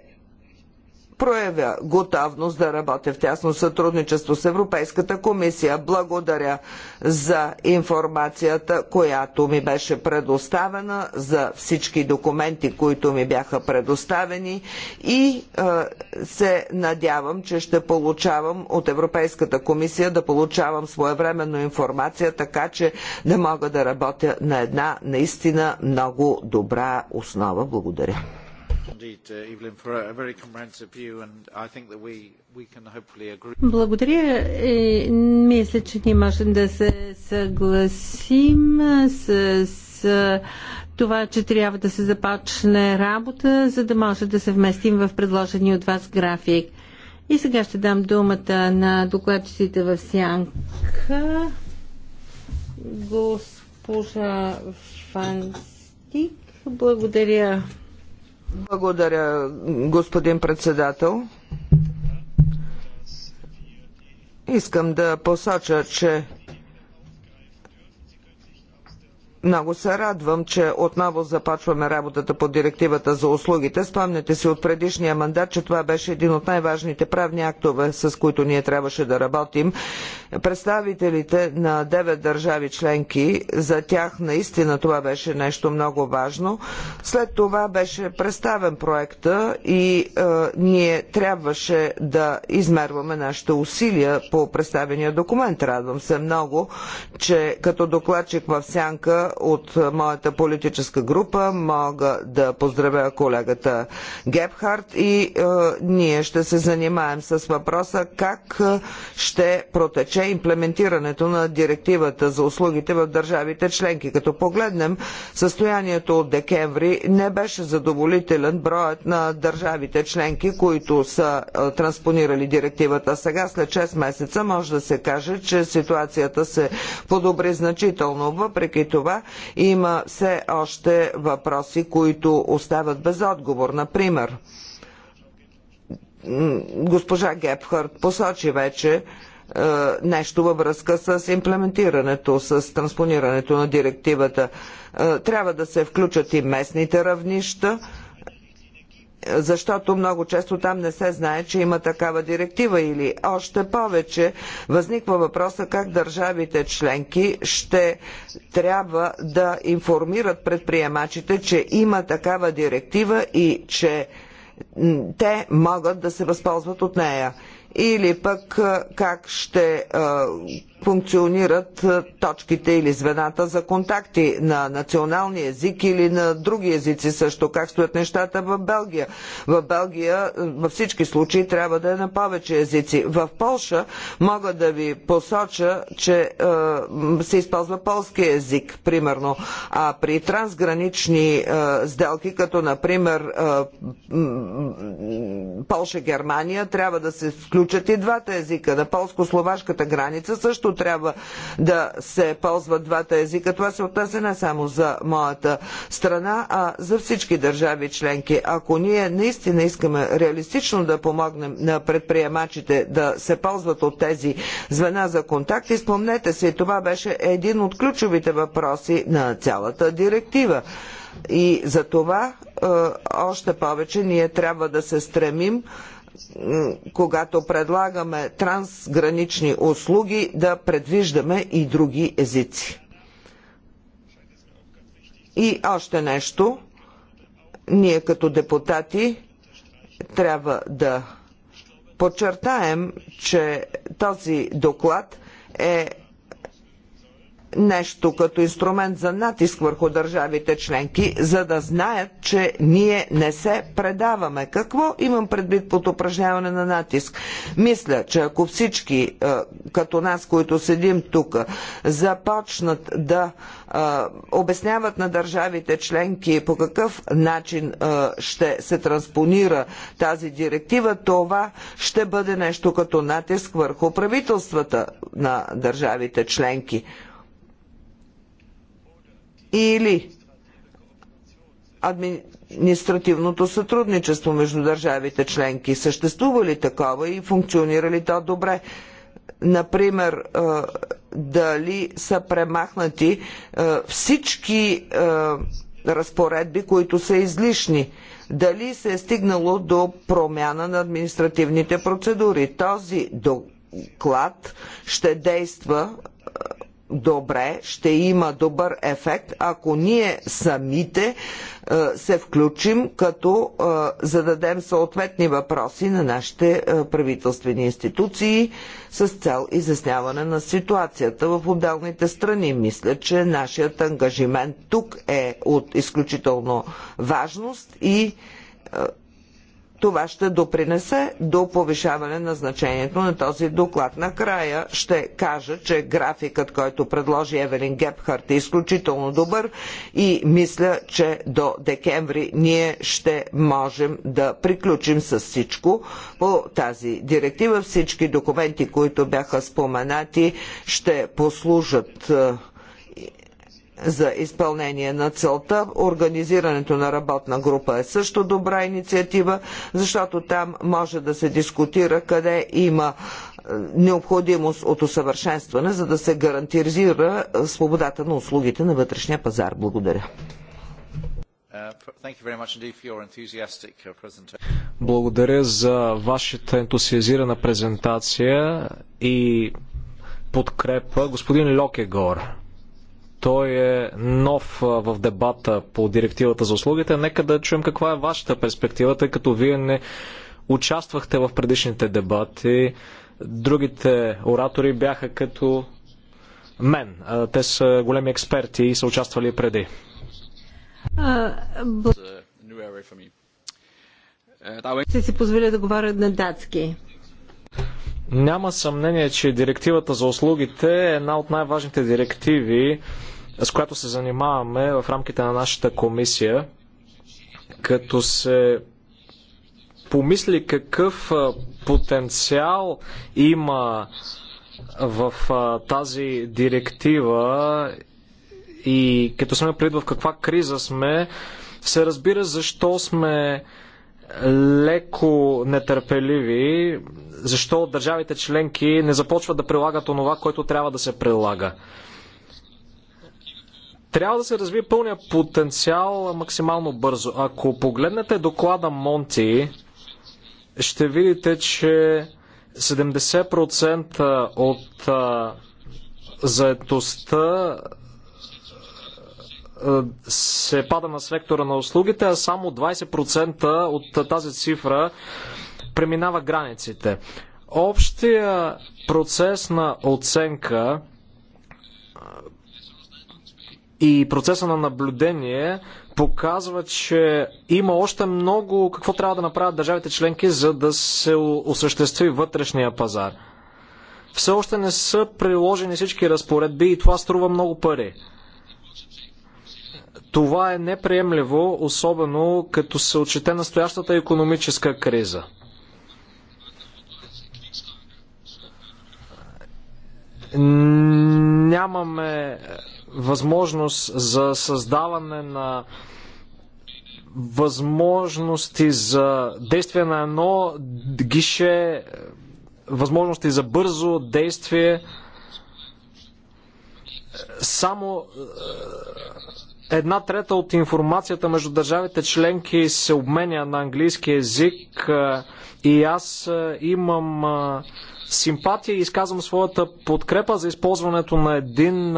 проявя готовност да работя в тясно сътрудничество с Европейската комисия. Благодаря за информацията, която ми беше предоставена, за всички документи, които ми бяха предоставени и е, се надявам, че ще получавам от Европейската комисия да получавам своевременно информация, така че да мога да работя на една наистина много добра основа. Благодаря. Uh, благодаря. Е, мисля, че ние можем да се съгласим с е, това, че трябва да се започне работа, за да може да се вместим в предложения от вас график. И сега ще дам думата на докладчиците в сянка. Госпожа Фанстик, благодаря, благодаря, господин председател. Искам да посоча, че Много се радвам, че отново започваме работата по директивата за услугите. Спомняте си от предишния мандат, че това беше един от най-важните правни актове, с които ние трябваше да работим. Представителите на девет държави членки, за тях наистина това беше нещо много важно. След това беше представен проекта и е, ние трябваше да измерваме нашите усилия по представения документ. Радвам се много, че като докладчик в Сянка от моята политическа група. Мога да поздравя колегата Гебхарт и е, ние ще се занимаем с въпроса как е, ще протече имплементирането на директивата за услугите в държавите членки. Като погледнем състоянието от декември, не беше задоволителен броят на държавите членки, които са е, транспонирали директивата. Сега, след 6 месеца, може да се каже, че ситуацията се подобри значително. Въпреки това, има все още въпроси, които остават без отговор. Например, госпожа Гепхард посочи вече, е, нещо във връзка с имплементирането, с транспонирането на директивата. Е, трябва да се включат и местните равнища, защото много често там не се знае, че има такава директива или още повече възниква въпроса как държавите членки ще трябва да информират предприемачите, че има такава директива и че те могат да се възползват от нея. Или пък как ще функционират точките или звената за контакти на национални език или на други езици също. Как стоят нещата в Белгия? В Белгия във всички случаи трябва да е на повече езици. В Полша мога да ви посоча, че е, се използва полски език, примерно. А при трансгранични е, сделки, като например е, Полша-Германия, трябва да се включат и двата езика. На полско-словашката граница също трябва да се ползват двата езика. Това се отнася не само за моята страна, а за всички държави членки. Ако ние наистина искаме реалистично да помогнем на предприемачите да се ползват от тези звена за контакт, изпомнете се, това беше един от ключовите въпроси на цялата директива. И за това е, още повече ние трябва да се стремим когато предлагаме трансгранични услуги, да предвиждаме и други езици. И още нещо. Ние като депутати трябва да подчертаем, че този доклад е нещо като инструмент за натиск върху държавите членки, за да знаят, че ние не се предаваме. Какво имам предвид под упражняване на натиск? Мисля, че ако всички, е, като нас, които седим тук, започнат да е, обясняват на държавите членки по какъв начин е, ще се транспонира тази директива, това ще бъде нещо като натиск върху правителствата на държавите членки или административното сътрудничество между държавите членки. Съществува ли такова и функционира ли то добре? Например, дали са премахнати всички разпоредби, които са излишни? Дали се е стигнало до промяна на административните процедури? Този доклад ще действа добре, ще има добър ефект, ако ние самите е, се включим, като е, зададем съответни въпроси на нашите е, правителствени институции с цел изясняване на ситуацията в отделните страни. Мисля, че нашият ангажимент тук е от изключително важност и това ще допринесе до повишаване на значението на този доклад. Накрая ще кажа, че графикът, който предложи Евелин Гепхарт е изключително добър и мисля, че до декември ние ще можем да приключим с всичко по тази директива. Всички документи, които бяха споменати, ще послужат е, за изпълнение на целта. Организирането на работна група е също добра инициатива, защото там може да се дискутира къде има е, необходимост от усъвършенстване, за да се гарантизира е, свободата на услугите на вътрешния пазар. Благодаря. Uh, uh, Благодаря за вашата ентусиазирана презентация и подкрепа. Господин Локегор. Той е нов в дебата по директивата за услугите. Нека да чуем каква е вашата перспектива, тъй като вие не участвахте в предишните дебати. Другите оратори бяха като мен. Те са големи експерти и са участвали преди. Ще си позволя да говоря на датски. Няма съмнение, че директивата за услугите е една от най-важните директиви с която се занимаваме в рамките на нашата комисия, като се помисли какъв потенциал има в тази директива и като сме пред в каква криза сме, се разбира защо сме леко нетърпеливи, защо държавите членки не започват да прилагат онова, което трябва да се прилага. Трябва да се развие пълния потенциал максимално бързо. Ако погледнете доклада Монти, ще видите, че 70% от а, заетостта се пада на сектора на услугите, а само 20% от тази цифра преминава границите. Общия процес на оценка и процеса на наблюдение показва, че има още много какво трябва да направят държавите членки, за да се осъществи вътрешния пазар. Все още не са приложени всички разпоредби и това струва много пари. Това е неприемливо, особено като се отчете настоящата економическа криза. Нямаме възможност за създаване на възможности за действие на едно гише, възможности за бързо действие. Само е, една трета от информацията между държавите членки се обменя на английски язик е, и аз е, имам симпатия и изказвам своята подкрепа за използването на един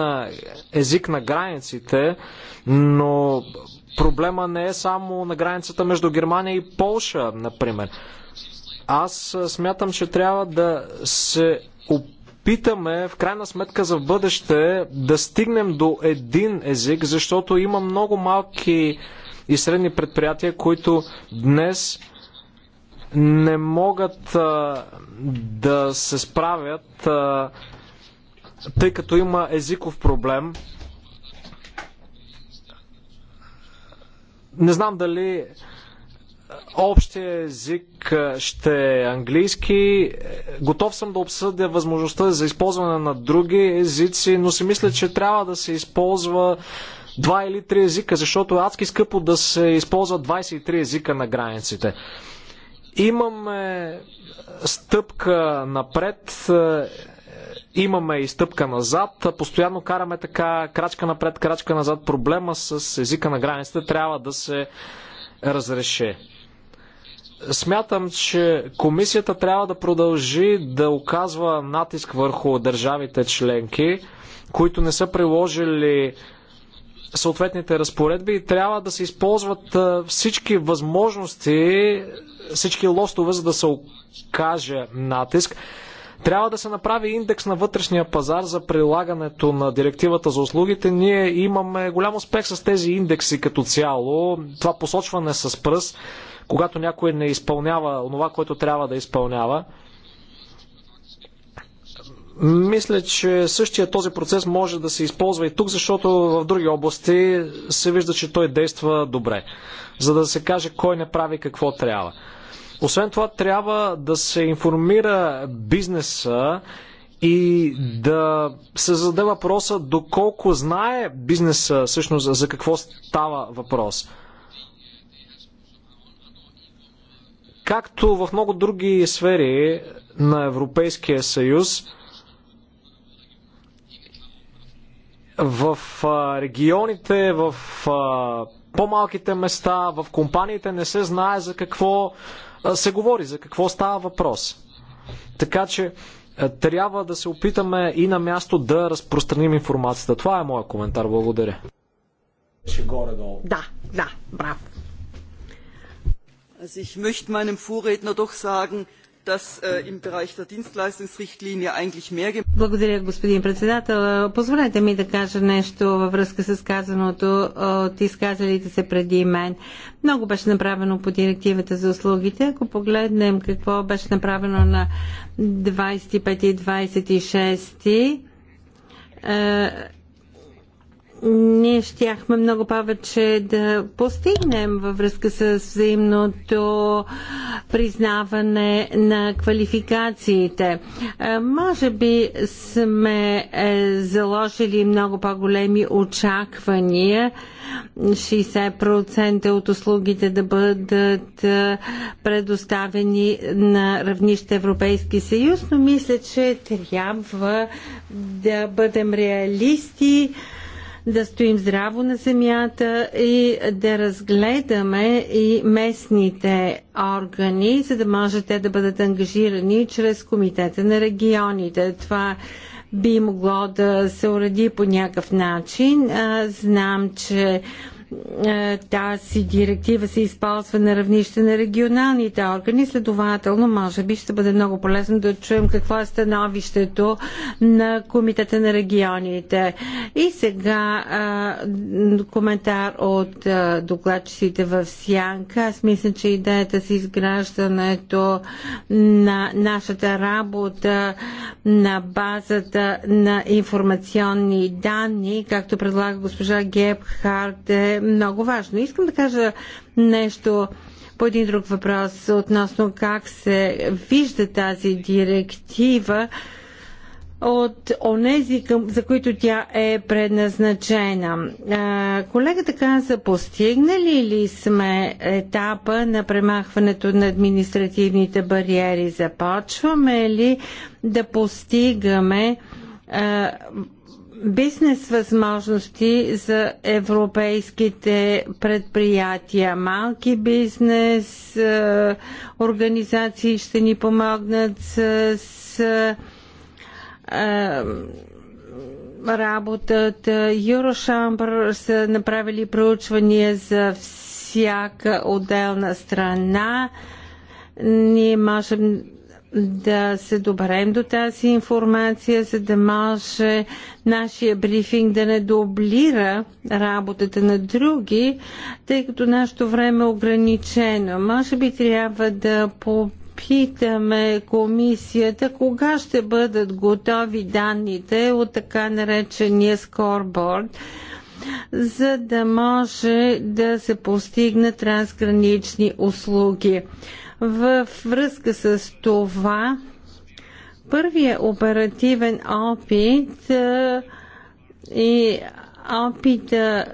език на границите, но проблема не е само на границата между Германия и Полша, например. Аз смятам, че трябва да се опитаме в крайна сметка за бъдеще да стигнем до един език, защото има много малки и средни предприятия, които днес не могат а, да се справят, а, тъй като има езиков проблем. Не знам дали общия език ще е английски. Готов съм да обсъдя възможността за използване на други езици, но си мисля, че трябва да се използва два или три езика, защото е адски скъпо да се използва 23 езика на границите. Имаме стъпка напред, имаме и стъпка назад. Постоянно караме така крачка напред, крачка назад. Проблема с езика на границата трябва да се разреши. Смятам, че комисията трябва да продължи да оказва натиск върху държавите членки, които не са приложили съответните разпоредби и трябва да се използват всички възможности, всички лостове, за да се окаже натиск. Трябва да се направи индекс на вътрешния пазар за прилагането на директивата за услугите. Ние имаме голям успех с тези индекси като цяло. Това посочване с пръст, когато някой не изпълнява онова, което трябва да изпълнява. Мисля, че същия този процес може да се използва и тук, защото в други области се вижда, че той действа добре, за да се каже кой не прави какво трябва. Освен това, трябва да се информира бизнеса и да се зададе въпроса доколко знае бизнеса всъщност за какво става въпрос. Както в много други сфери на Европейския съюз, в регионите, в по-малките места, в компаниите не се знае за какво се говори, за какво става въпрос. Така че трябва да се опитаме и на място да разпространим информацията. Това е моят коментар. Благодаря. Да, да, браво. Also ich möchte meinem Vorredner doch sagen, dass äh, im Bereich der Dienstleistungsrichtlinie eigentlich mehr Благодаря, господин председател. Позволете ми да кажа нещо във връзка с казаното от изказалите се преди мен. Много беше направено по директивата за услугите. Ако погледнем какво беше направено на 25 и 26 ние щяхме много повече да постигнем във връзка с взаимното признаване на квалификациите. Е, може би сме е, заложили много по-големи очаквания. 60% от услугите да бъдат е, предоставени на равнище Европейски съюз, но мисля, че трябва да бъдем реалисти да стоим здраво на земята и да разгледаме и местните органи, за да може те да бъдат ангажирани чрез Комитета на регионите. Това би могло да се уреди по някакъв начин. Знам, че е, тази директива се използва на равнище на регионалните органи. Следователно, може би ще бъде много полезно да чуем какво е становището на Комитета на регионите. И сега коментар от докладчиците в Сянка. Аз мисля, че идеята с изграждането на нашата работа на базата на информационни данни, както предлага госпожа Гебхарте, е много важно. Искам да кажа нещо по един друг въпрос относно как се вижда тази директива от онези, за които тя е предназначена. Колегата каза, постигнали ли сме етапа на премахването на административните бариери? Започваме ли да постигаме бизнес възможности за европейските предприятия. Малки бизнес е, организации ще ни помогнат с, с е, работата. Юрошамбър са направили проучвания за всяка отделна страна. Ние можем да се доберем до тази информация, за да може нашия брифинг да не дублира работата на други, тъй като нашето време е ограничено. Може би трябва да по питаме комисията кога ще бъдат готови данните от така наречения скорборд, за да може да се постигнат трансгранични услуги. Във връзка с това, първия оперативен опит и опита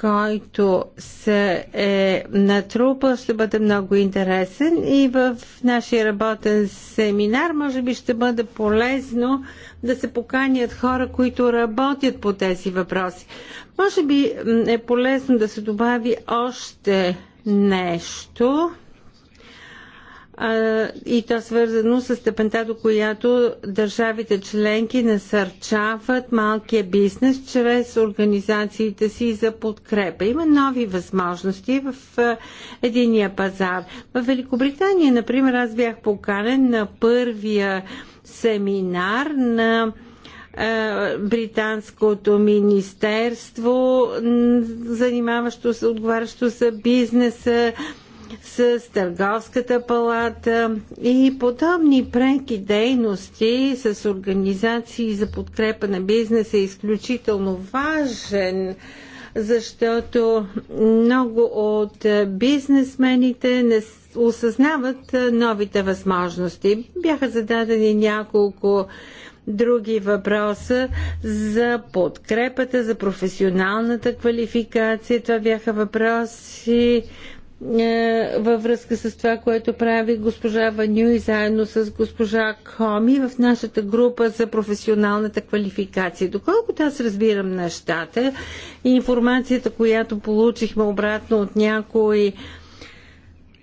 който се е натрупал, ще бъде много интересен и в нашия работен семинар може би ще бъде полезно да се поканят хора, които работят по тези въпроси. Може би е полезно да се добави още нещо и то свързано с степента, до която държавите членки насърчават малкия бизнес чрез организациите си за подкрепа. Има нови възможности в единия пазар. В Великобритания, например, аз бях поканен на първия семинар на британското министерство, занимаващо се, отговарящо за бизнеса, с Търговската палата и подобни преки дейности с организации за подкрепа на бизнеса е изключително важен защото много от бизнесмените не осъзнават новите възможности. Бяха зададени няколко други въпроса за подкрепата, за професионалната квалификация. Това бяха въпроси е, във връзка с това, което прави госпожа Ваню и заедно с госпожа Коми в нашата група за професионалната квалификация. Доколкото аз разбирам нещата и информацията, която получихме обратно от някои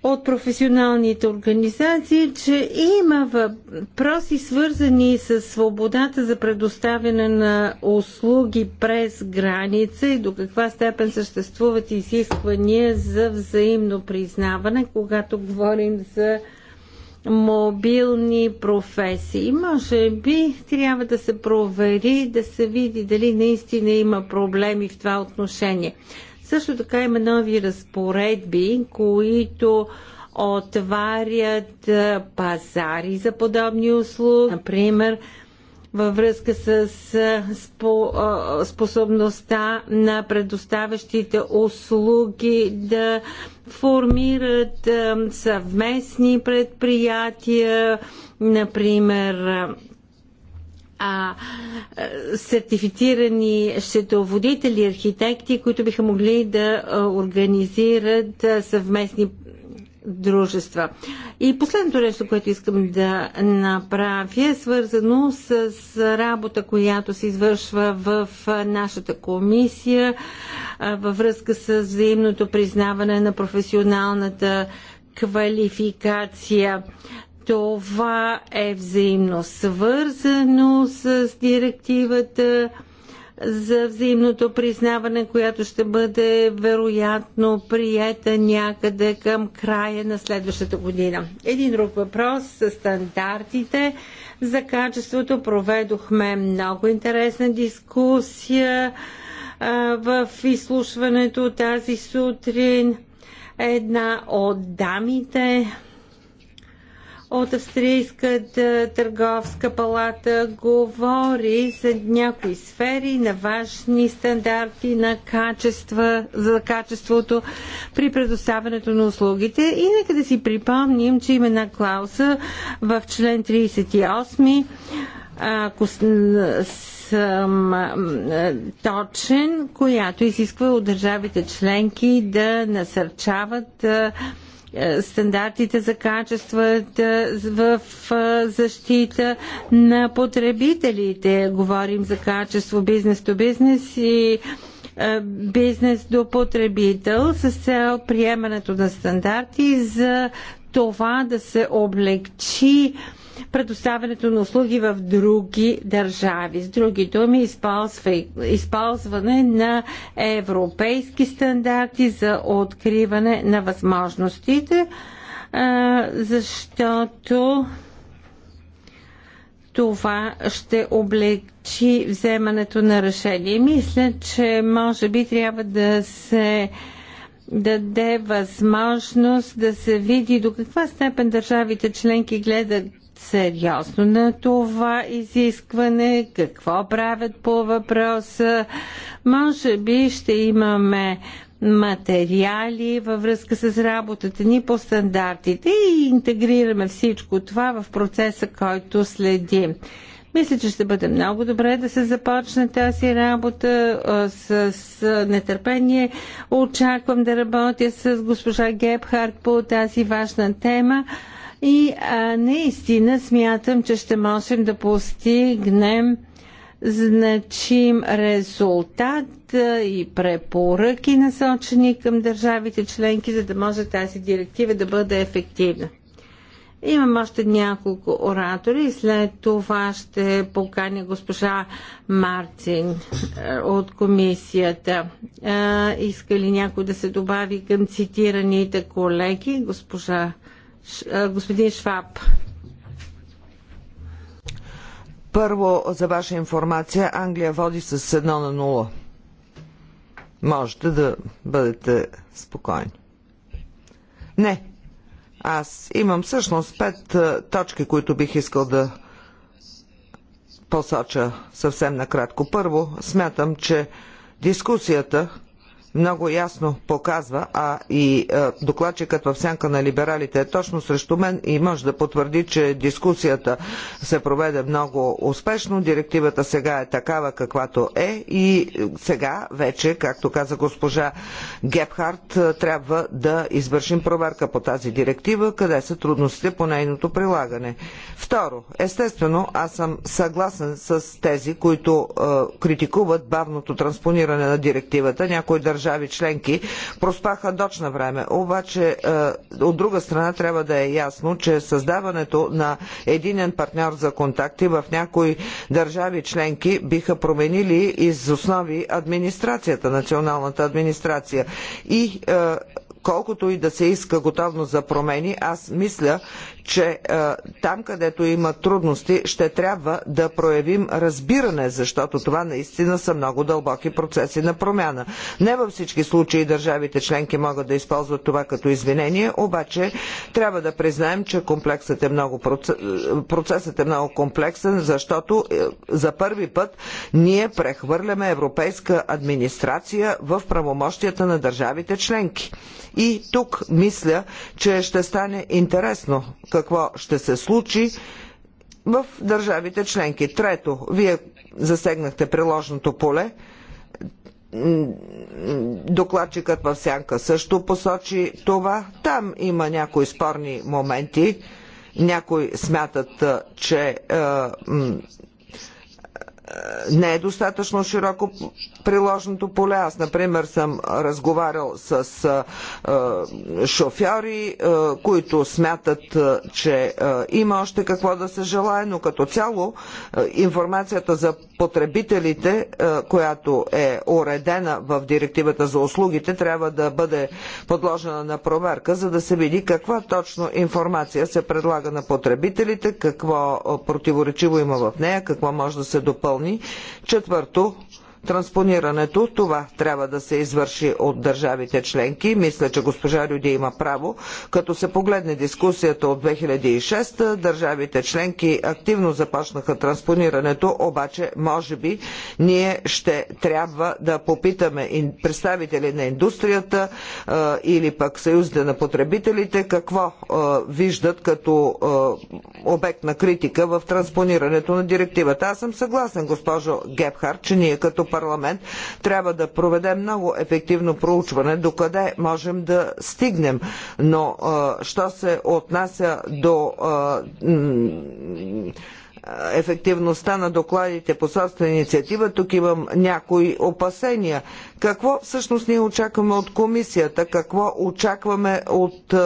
от професионалните организации, че има въпроси свързани с свободата за предоставяне на услуги през граница и до каква степен съществуват изисквания за взаимно признаване, когато говорим за мобилни професии. Може би трябва да се провери, да се види дали наистина има проблеми в това отношение. Също така има нови разпоредби, които отварят пазари за подобни услуги. Например, във връзка с способността на предоставящите услуги да формират съвместни предприятия, например а, сертифицирани счетоводители, архитекти, които биха могли да организират съвместни дружества. И последното нещо, което искам да направя, е свързано с работа, която се извършва в нашата комисия във връзка с взаимното признаване на професионалната квалификация. Това е взаимно свързано с директивата за взаимното признаване, която ще бъде вероятно приета някъде към края на следващата година. Един друг въпрос са стандартите за качеството. Проведохме много интересна дискусия в изслушването тази сутрин. Една от дамите от Австрийската търговска палата говори за някои сфери на важни стандарти на качества, за качеството при предоставянето на услугите. И нека да си припомним, че има една клауса в член 38 ако съм точен, която изисква от държавите членки да насърчават е, стандартите за качество в е, защита на потребителите. Говорим за качество бизнес-то бизнес и е, бизнес до потребител с цел приемането на стандарти за това да се облегчи а, предоставянето на услуги в други държави. С други думи, използване на европейски стандарти за откриване на възможностите, защото това ще облегчи вземането на решение. Мисля, че може би трябва да се даде възможност да се види до каква степен държавите членки гледат сериозно на това изискване, какво правят по въпроса. Може би ще имаме материали във връзка с работата ни по стандартите и интегрираме всичко това в процеса, който следи. Мисля, че ще бъде много добре да се започне тази работа. С, с нетърпение очаквам да работя с госпожа Гебхарт по тази важна тема. И а, наистина смятам, че ще можем да постигнем значим резултат и препоръки насочени към държавите членки, за да може тази директива да бъде ефективна. Имам още няколко оратори и след това ще поканя госпожа Мартин от комисията. Иска ли някой да се добави към цитираните колеги? Госпожа господин Шваб. Първо, за ваша информация, Англия води с 1 на 0. Можете да бъдете спокойни. Не, аз имам всъщност пет точки, които бих искал да посоча съвсем накратко. Първо, смятам, че дискусията много ясно показва, а и е, докладчикът в сянка на либералите е точно срещу мен и може да потвърди, че дискусията се проведе много успешно. Директивата сега е такава каквато е и сега вече, както каза госпожа Гепхарт, е, трябва да извършим проверка по тази директива, къде са трудностите по нейното прилагане. Второ, естествено, аз съм съгласен с тези, които е, критикуват бавното транспониране на директивата. Някои държави държави членки проспаха дочна време. Обаче, е, от друга страна, трябва да е ясно, че създаването на единен партньор за контакти в някои държави членки биха променили из основи администрацията, националната администрация. И е, колкото и да се иска готовност за промени, аз мисля, че е, там, където има трудности, ще трябва да проявим разбиране, защото това наистина са много дълбоки процеси на промяна. Не във всички случаи държавите членки могат да използват това като извинение, обаче трябва да признаем, че комплексът е много процес... процесът е много комплексен, защото е, за първи път ние прехвърляме европейска администрация в правомощията на държавите членки. И тук мисля, че ще стане интересно какво ще се случи в държавите членки. Трето, вие засегнахте приложното поле. Докладчикът в Сянка също посочи това. Там има някои спорни моменти. Някои смятат, че е, не е достатъчно широко приложното поле. Аз, например, съм разговарял с шофьори, които смятат, че има още какво да се желае, но като цяло информацията за потребителите, която е уредена в директивата за услугите, трябва да бъде подложена на проверка, за да се види каква точно информация се предлага на потребителите, какво противоречиво има в нея, какво може да се допълни Четвърто, Транспонирането, това трябва да се извърши от държавите членки. Мисля, че госпожа Рюди има право. Като се погледне дискусията от 2006, държавите членки активно започнаха транспонирането, обаче може би ние ще трябва да попитаме представители на индустрията или пък съюзите на потребителите какво виждат като обект на критика в транспонирането на директивата. Аз съм съгласен, госпожо Гепхард, че ние като парламент трябва да проведем много ефективно проучване, докъде можем да стигнем. Но що се отнася до ефективността на докладите по собствена инициатива, тук имам някои опасения. Какво всъщност ние очакваме от комисията? Какво очакваме от е,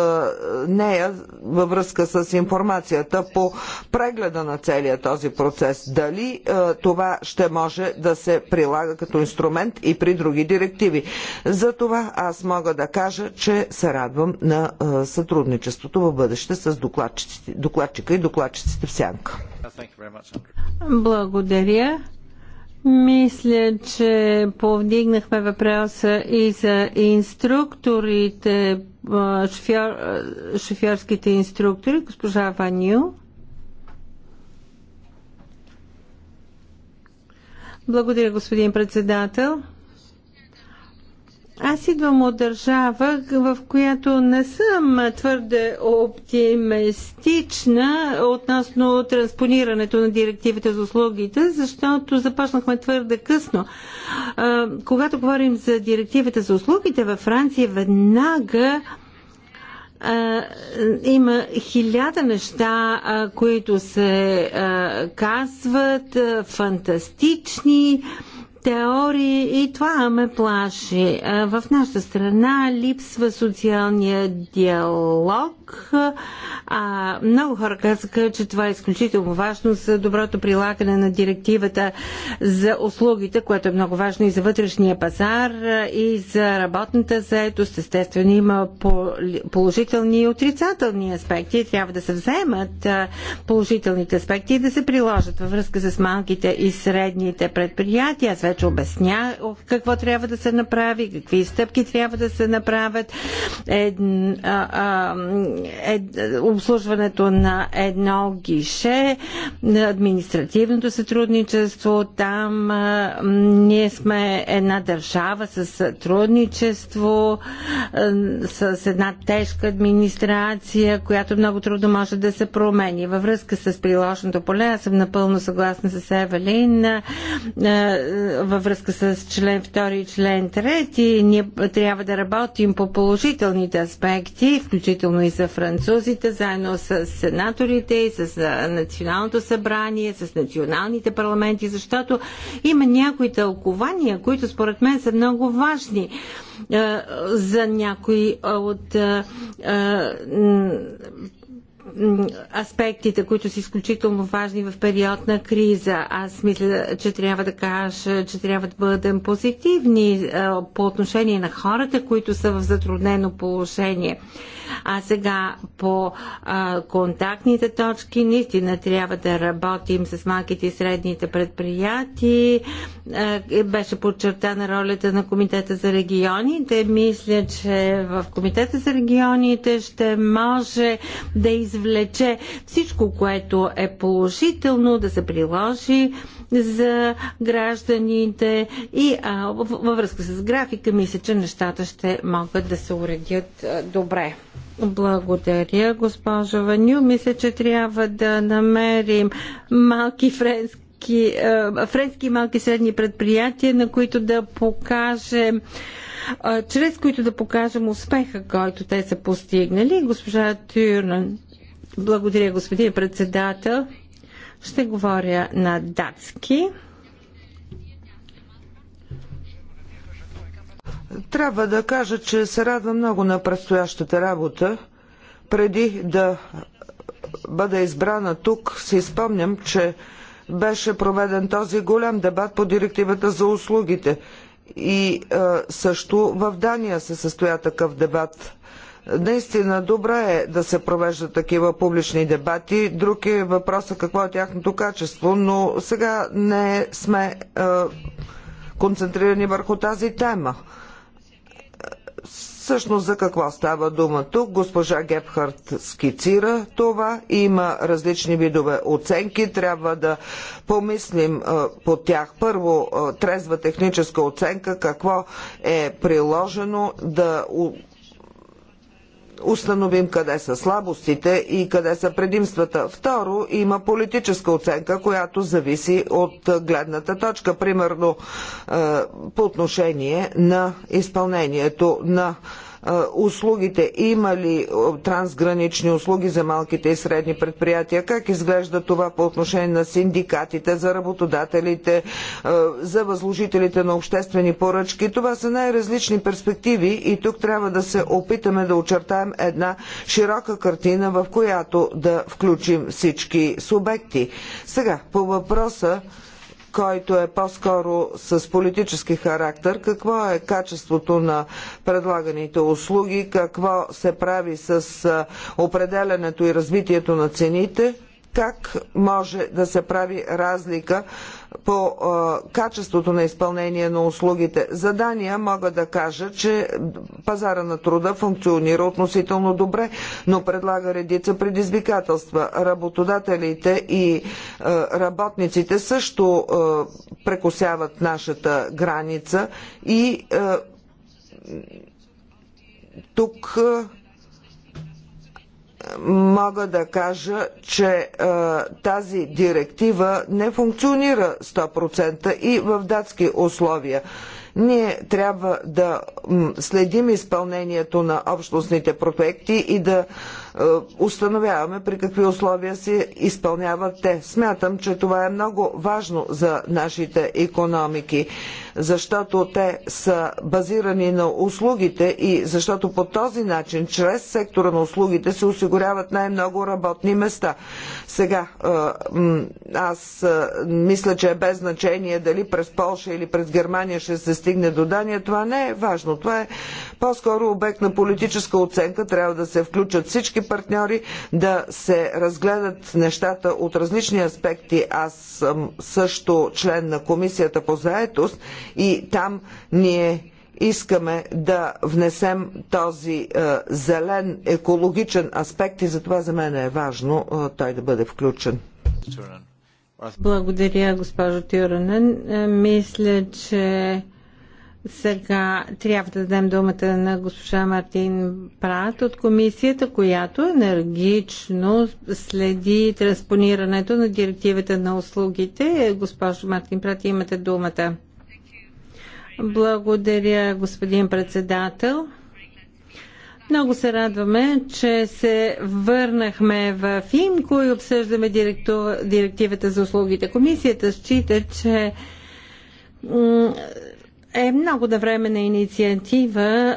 нея във връзка с информацията по прегледа на целия този процес? Дали е, това ще може да се прилага като инструмент и при други директиви? За това аз мога да кажа, че се радвам на е, сътрудничеството в бъдеще с докладчика и докладчиците в сянка. Благодаря. Мисля, че повдигнахме въпроса и за инструкторите, шофьор, шофьорските инструктори, госпожа Ваню. Благодаря, господин председател. Аз идвам от държава, в която не съм твърде оптимистична относно транспонирането на директивите за услугите, защото започнахме твърде късно. когато говорим за директивите за услугите във Франция, веднага има хиляда неща, които се казват, фантастични теории и това ме плаши. В нашата страна липсва социалния диалог. А, много хора казаха, че това е изключително важно за доброто прилагане на директивата за услугите, което е много важно и за вътрешния пазар, и за работната заедост. Естествено има положителни и отрицателни аспекти. Трябва да се вземат положителните аспекти и да се приложат във връзка с малките и средните предприятия. Аз вече обясня какво трябва да се направи, какви стъпки трябва да се направят. Ед, а, а, ед, обслужването на едно гише, на административното сътрудничество, там а, ние сме една държава с сътрудничество, а, с една тежка администрация, която много трудно може да се промени. Във връзка с приложното поле, аз съм напълно съгласна с Евелин във връзка с член 2 и член 3, ние трябва да работим по положителните аспекти, включително и за французите, заедно с сенаторите и с Националното събрание, с националните парламенти, защото има някои тълкования, които според мен са много важни за някои от аспектите, които са изключително важни в период на криза. Аз мисля, че трябва да кажа, че трябва да бъдем позитивни по отношение на хората, които са в затруднено положение. А сега по а, контактните точки наистина трябва да работим с малките и средните предприятия. Е, беше подчертана ролята на Комитета за регионите. Мисля, че в Комитета за регионите ще може да извлече всичко, което е положително, да се приложи за гражданите и а, във връзка с графика мисля, че нещата ще могат да се уредят добре. Благодаря, госпожо Ваню. Мисля, че трябва да намерим малки френски е, френски малки средни предприятия, на които да покажем е, чрез които да покажем успеха, който те са постигнали. Госпожа Тюрнен, благодаря господин председател. Ще говоря на датски. Трябва да кажа, че се радвам много на предстоящата работа. Преди да бъда избрана тук, си спомням, че беше проведен този голям дебат по директивата за услугите. И е, също в Дания се състоя такъв дебат. Наистина добре е да се провеждат такива публични дебати. Друг е въпроса какво е тяхното качество, но сега не сме е, концентрирани върху тази тема. Всъщност за какво става дума тук? Госпожа Гепхарт скицира това. Има различни видове оценки. Трябва да помислим по тях. Първо, трезва техническа оценка, какво е приложено, да установим къде са слабостите и къде са предимствата. Второ, има политическа оценка, която зависи от гледната точка. Примерно е, по отношение на изпълнението на услугите. Има ли трансгранични услуги за малките и средни предприятия? Как изглежда това по отношение на синдикатите, за работодателите, за възложителите на обществени поръчки? Това са най-различни перспективи и тук трябва да се опитаме да очертаем една широка картина, в която да включим всички субекти. Сега, по въпроса който е по-скоро с политически характер. Какво е качеството на предлаганите услуги, какво се прави с определенето и развитието на цените, как може да се прави разлика по качеството на изпълнение на услугите. За Дания мога да кажа, че пазара на труда функционира относително добре, но предлага редица предизвикателства. Работодателите и работниците също прекосяват нашата граница и тук мога да кажа, че е, тази директива не функционира 100% и в датски условия. Ние трябва да следим изпълнението на общностните проекти и да е, установяваме при какви условия се изпълняват те. Смятам, че това е много важно за нашите економики защото те са базирани на услугите и защото по този начин, чрез сектора на услугите, се осигуряват най-много работни места. Сега, аз мисля, че е без значение дали през Полша или през Германия ще се стигне до Дания. Това не е важно. Това е по-скоро обект на политическа оценка. Трябва да се включат всички партньори, да се разгледат нещата от различни аспекти. Аз съм също член на комисията по заетост и там ние искаме да внесем този е, зелен екологичен аспект и затова за мен е важно е, той да бъде включен. Благодаря, госпожо Тюранен. Е, мисля, че сега трябва да дадем думата на госпожа Мартин Прат от комисията, която енергично следи транспонирането на директивата на услугите. Госпожо Мартин Прат, имате думата. Благодаря, господин председател. Много се радваме, че се върнахме в ИМКО и обсъждаме директивата за услугите. Комисията счита, че е много навременна инициатива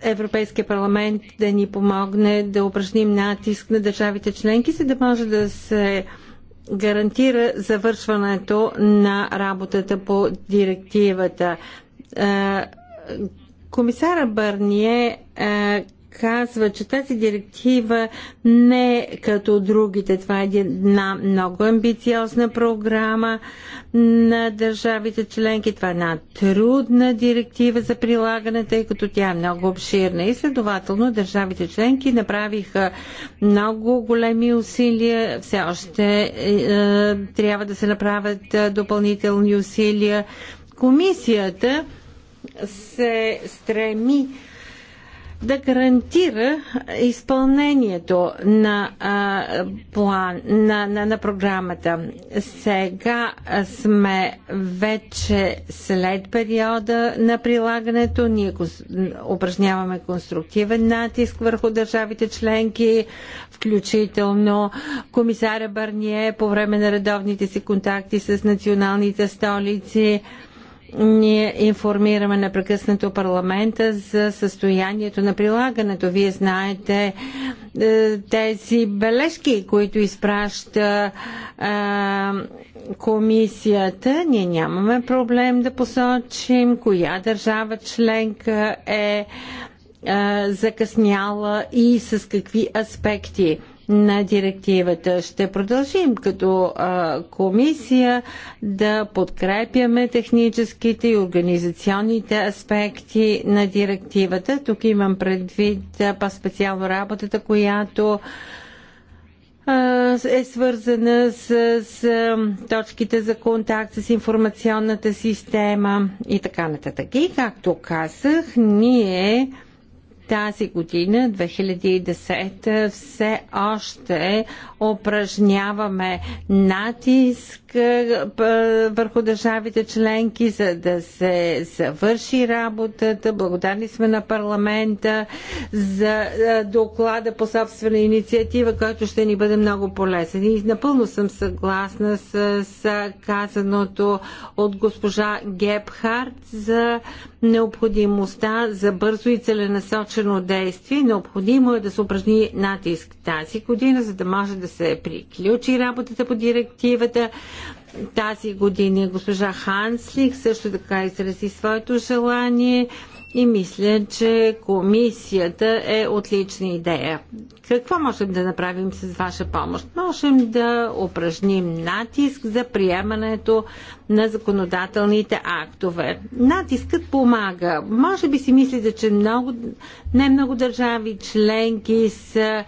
Европейския парламент да ни помогне да упражним натиск на държавите членки, за да може да се гарантира завършването на работата по директивата. Е, комисара Бърние е, казва, че тази директива не е като другите. Това е една много амбициозна програма на държавите членки. Това е една трудна директива за прилагане, тъй като тя е много обширна. И следователно държавите членки направиха много големи усилия. Все още е, е трябва да се направят е, допълнителни усилия. Комисията се стреми да гарантира изпълнението на, а, план, на, на, на програмата. Сега сме вече след периода на прилагането. Ние упражняваме конструктивен натиск върху държавите членки, включително комисаря Барние по време на редовните си контакти с националните столици. Ние информираме непрекъснато парламента за състоянието на прилагането. Вие знаете е, тези бележки, които изпраща е, комисията. Ние нямаме проблем да посочим коя държава членка е, е закъсняла и с какви аспекти на директивата. Ще продължим като а, комисия да подкрепяме техническите и организационните аспекти на директивата. Тук имам предвид по-специално работата, която е свързана с, с точките за контакт с информационната система и така нататък. И както казах, ние тази година, 2010, все още упражняваме натиск е, върху държавите членки, за да се завърши работата. Благодарни сме на парламента за е, доклада по собствена инициатива, който ще ни бъде много полезен. И напълно съм съгласна с казаното от госпожа Гебхарт за необходимостта за бързо и целенасочено действие. Необходимо е да се упражни натиск тази година, за да може да се приключи работата по директивата. Тази година госпожа Ханслик също така изрази своето желание и мисля, че комисията е отлична идея. Какво можем да направим с ваша помощ? Можем да упражним натиск за приемането на законодателните актове. Натискът помага. Може би си мислите, че много, не много държави членки са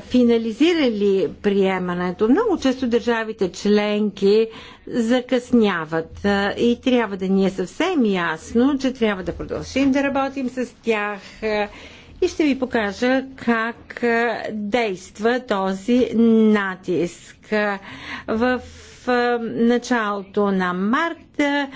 финализирали приемането. Много често държавите членки закъсняват. И трябва да ни е съвсем ясно, че трябва да продължим да работим с тях и ще ви покажа как действа този натиск. В началото на марта.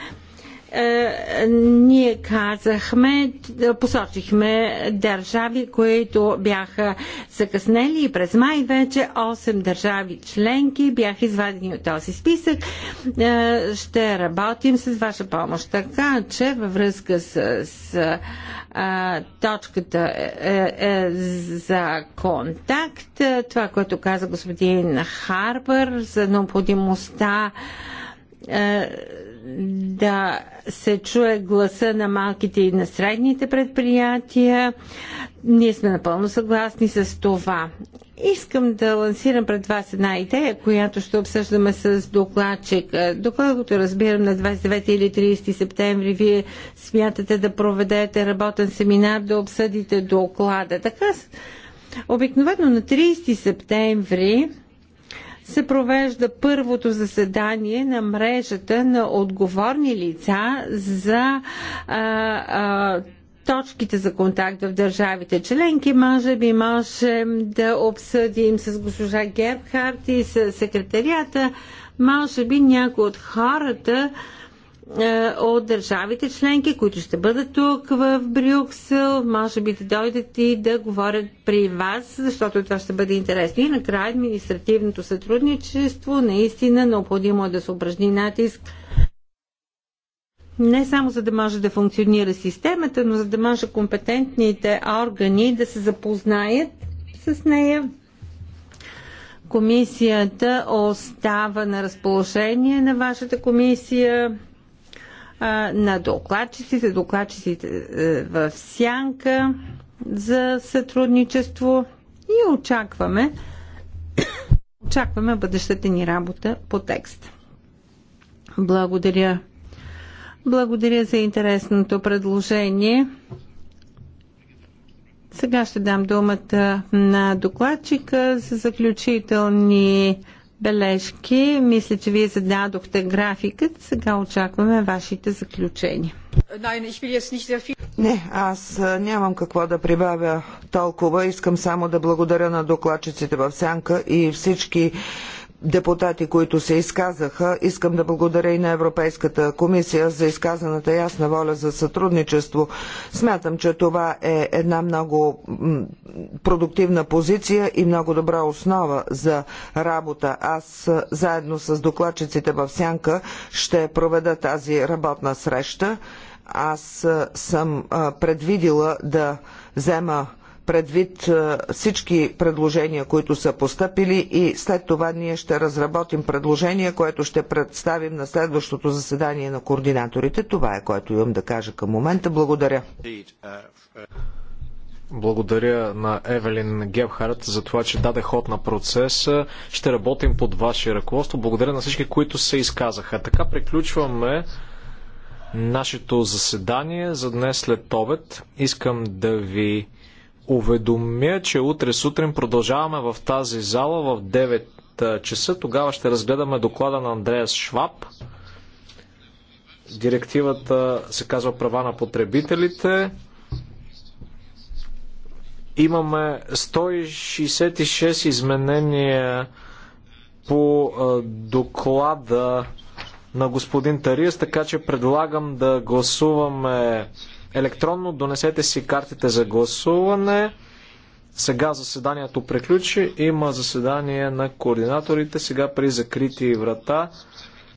Е, ние казахме, посочихме държави, които бяха закъснели и през май вече 8 държави членки бяха извадени от този списък. Е, ще работим с ваша помощ. Така че във връзка с, с а, е, точката е, е, за контакт, това, което каза господин Харбър за необходимостта да се чуе гласа на малките и на средните предприятия. Ние сме напълно съгласни с това. Искам да лансирам пред вас една идея, която ще обсъждаме с докладчик. Доколкото разбирам, на 29 или 30 септември вие смятате да проведете работен семинар, да обсъдите доклада. Така, обикновено на 30 септември се провежда първото заседание на мрежата на отговорни лица за а, а, точките за контакт в държавите членки, може би можем да обсъдим с госпожа Гербхарт и с секретарията, може би някои от хората, е, от държавите членки, които ще бъдат тук в Брюксел. Може би да дойдат и да говорят при вас, защото това ще бъде интересно. И накрая административното сътрудничество наистина необходимо е да се упражни натиск не само за да може да функционира системата, но за да може компетентните органи да се запознаят с нея. Комисията остава на разположение на вашата комисия на докладчиците, докладчиците в сянка за сътрудничество и очакваме очакваме бъдещата ни работа по текст. Благодаря. Благодаря за интересното предложение. Сега ще дам думата на докладчика за заключителни бележки. Мисля, че вие зададохте графикът. Сега очакваме вашите заключения. Не, аз нямам какво да прибавя толкова. Искам само да благодаря на докладчиците в Сянка и всички депутати, които се изказаха. Искам да благодаря и на Европейската комисия за изказаната ясна воля за сътрудничество. Смятам, че това е една много продуктивна позиция и много добра основа за работа. Аз заедно с докладчиците в Сянка ще проведа тази работна среща. Аз съм предвидила да взема предвид всички предложения, които са постъпили и след това ние ще разработим предложение, което ще представим на следващото заседание на координаторите. Това е което имам да кажа към момента. Благодаря. Благодаря на Евелин Гебхарт за това, че даде ход на процеса. Ще работим под ваше ръководство. Благодаря на всички, които се изказаха. Така приключваме нашето заседание за днес след обед. Искам да ви уведомя, че утре сутрин продължаваме в тази зала в 9 часа. Тогава ще разгледаме доклада на Андреас Шваб. Директивата се казва права на потребителите. Имаме 166 изменения по доклада на господин Тарис, така че предлагам да гласуваме електронно. Донесете си картите за гласуване. Сега заседанието приключи. Има заседание на координаторите. Сега при закрити врата.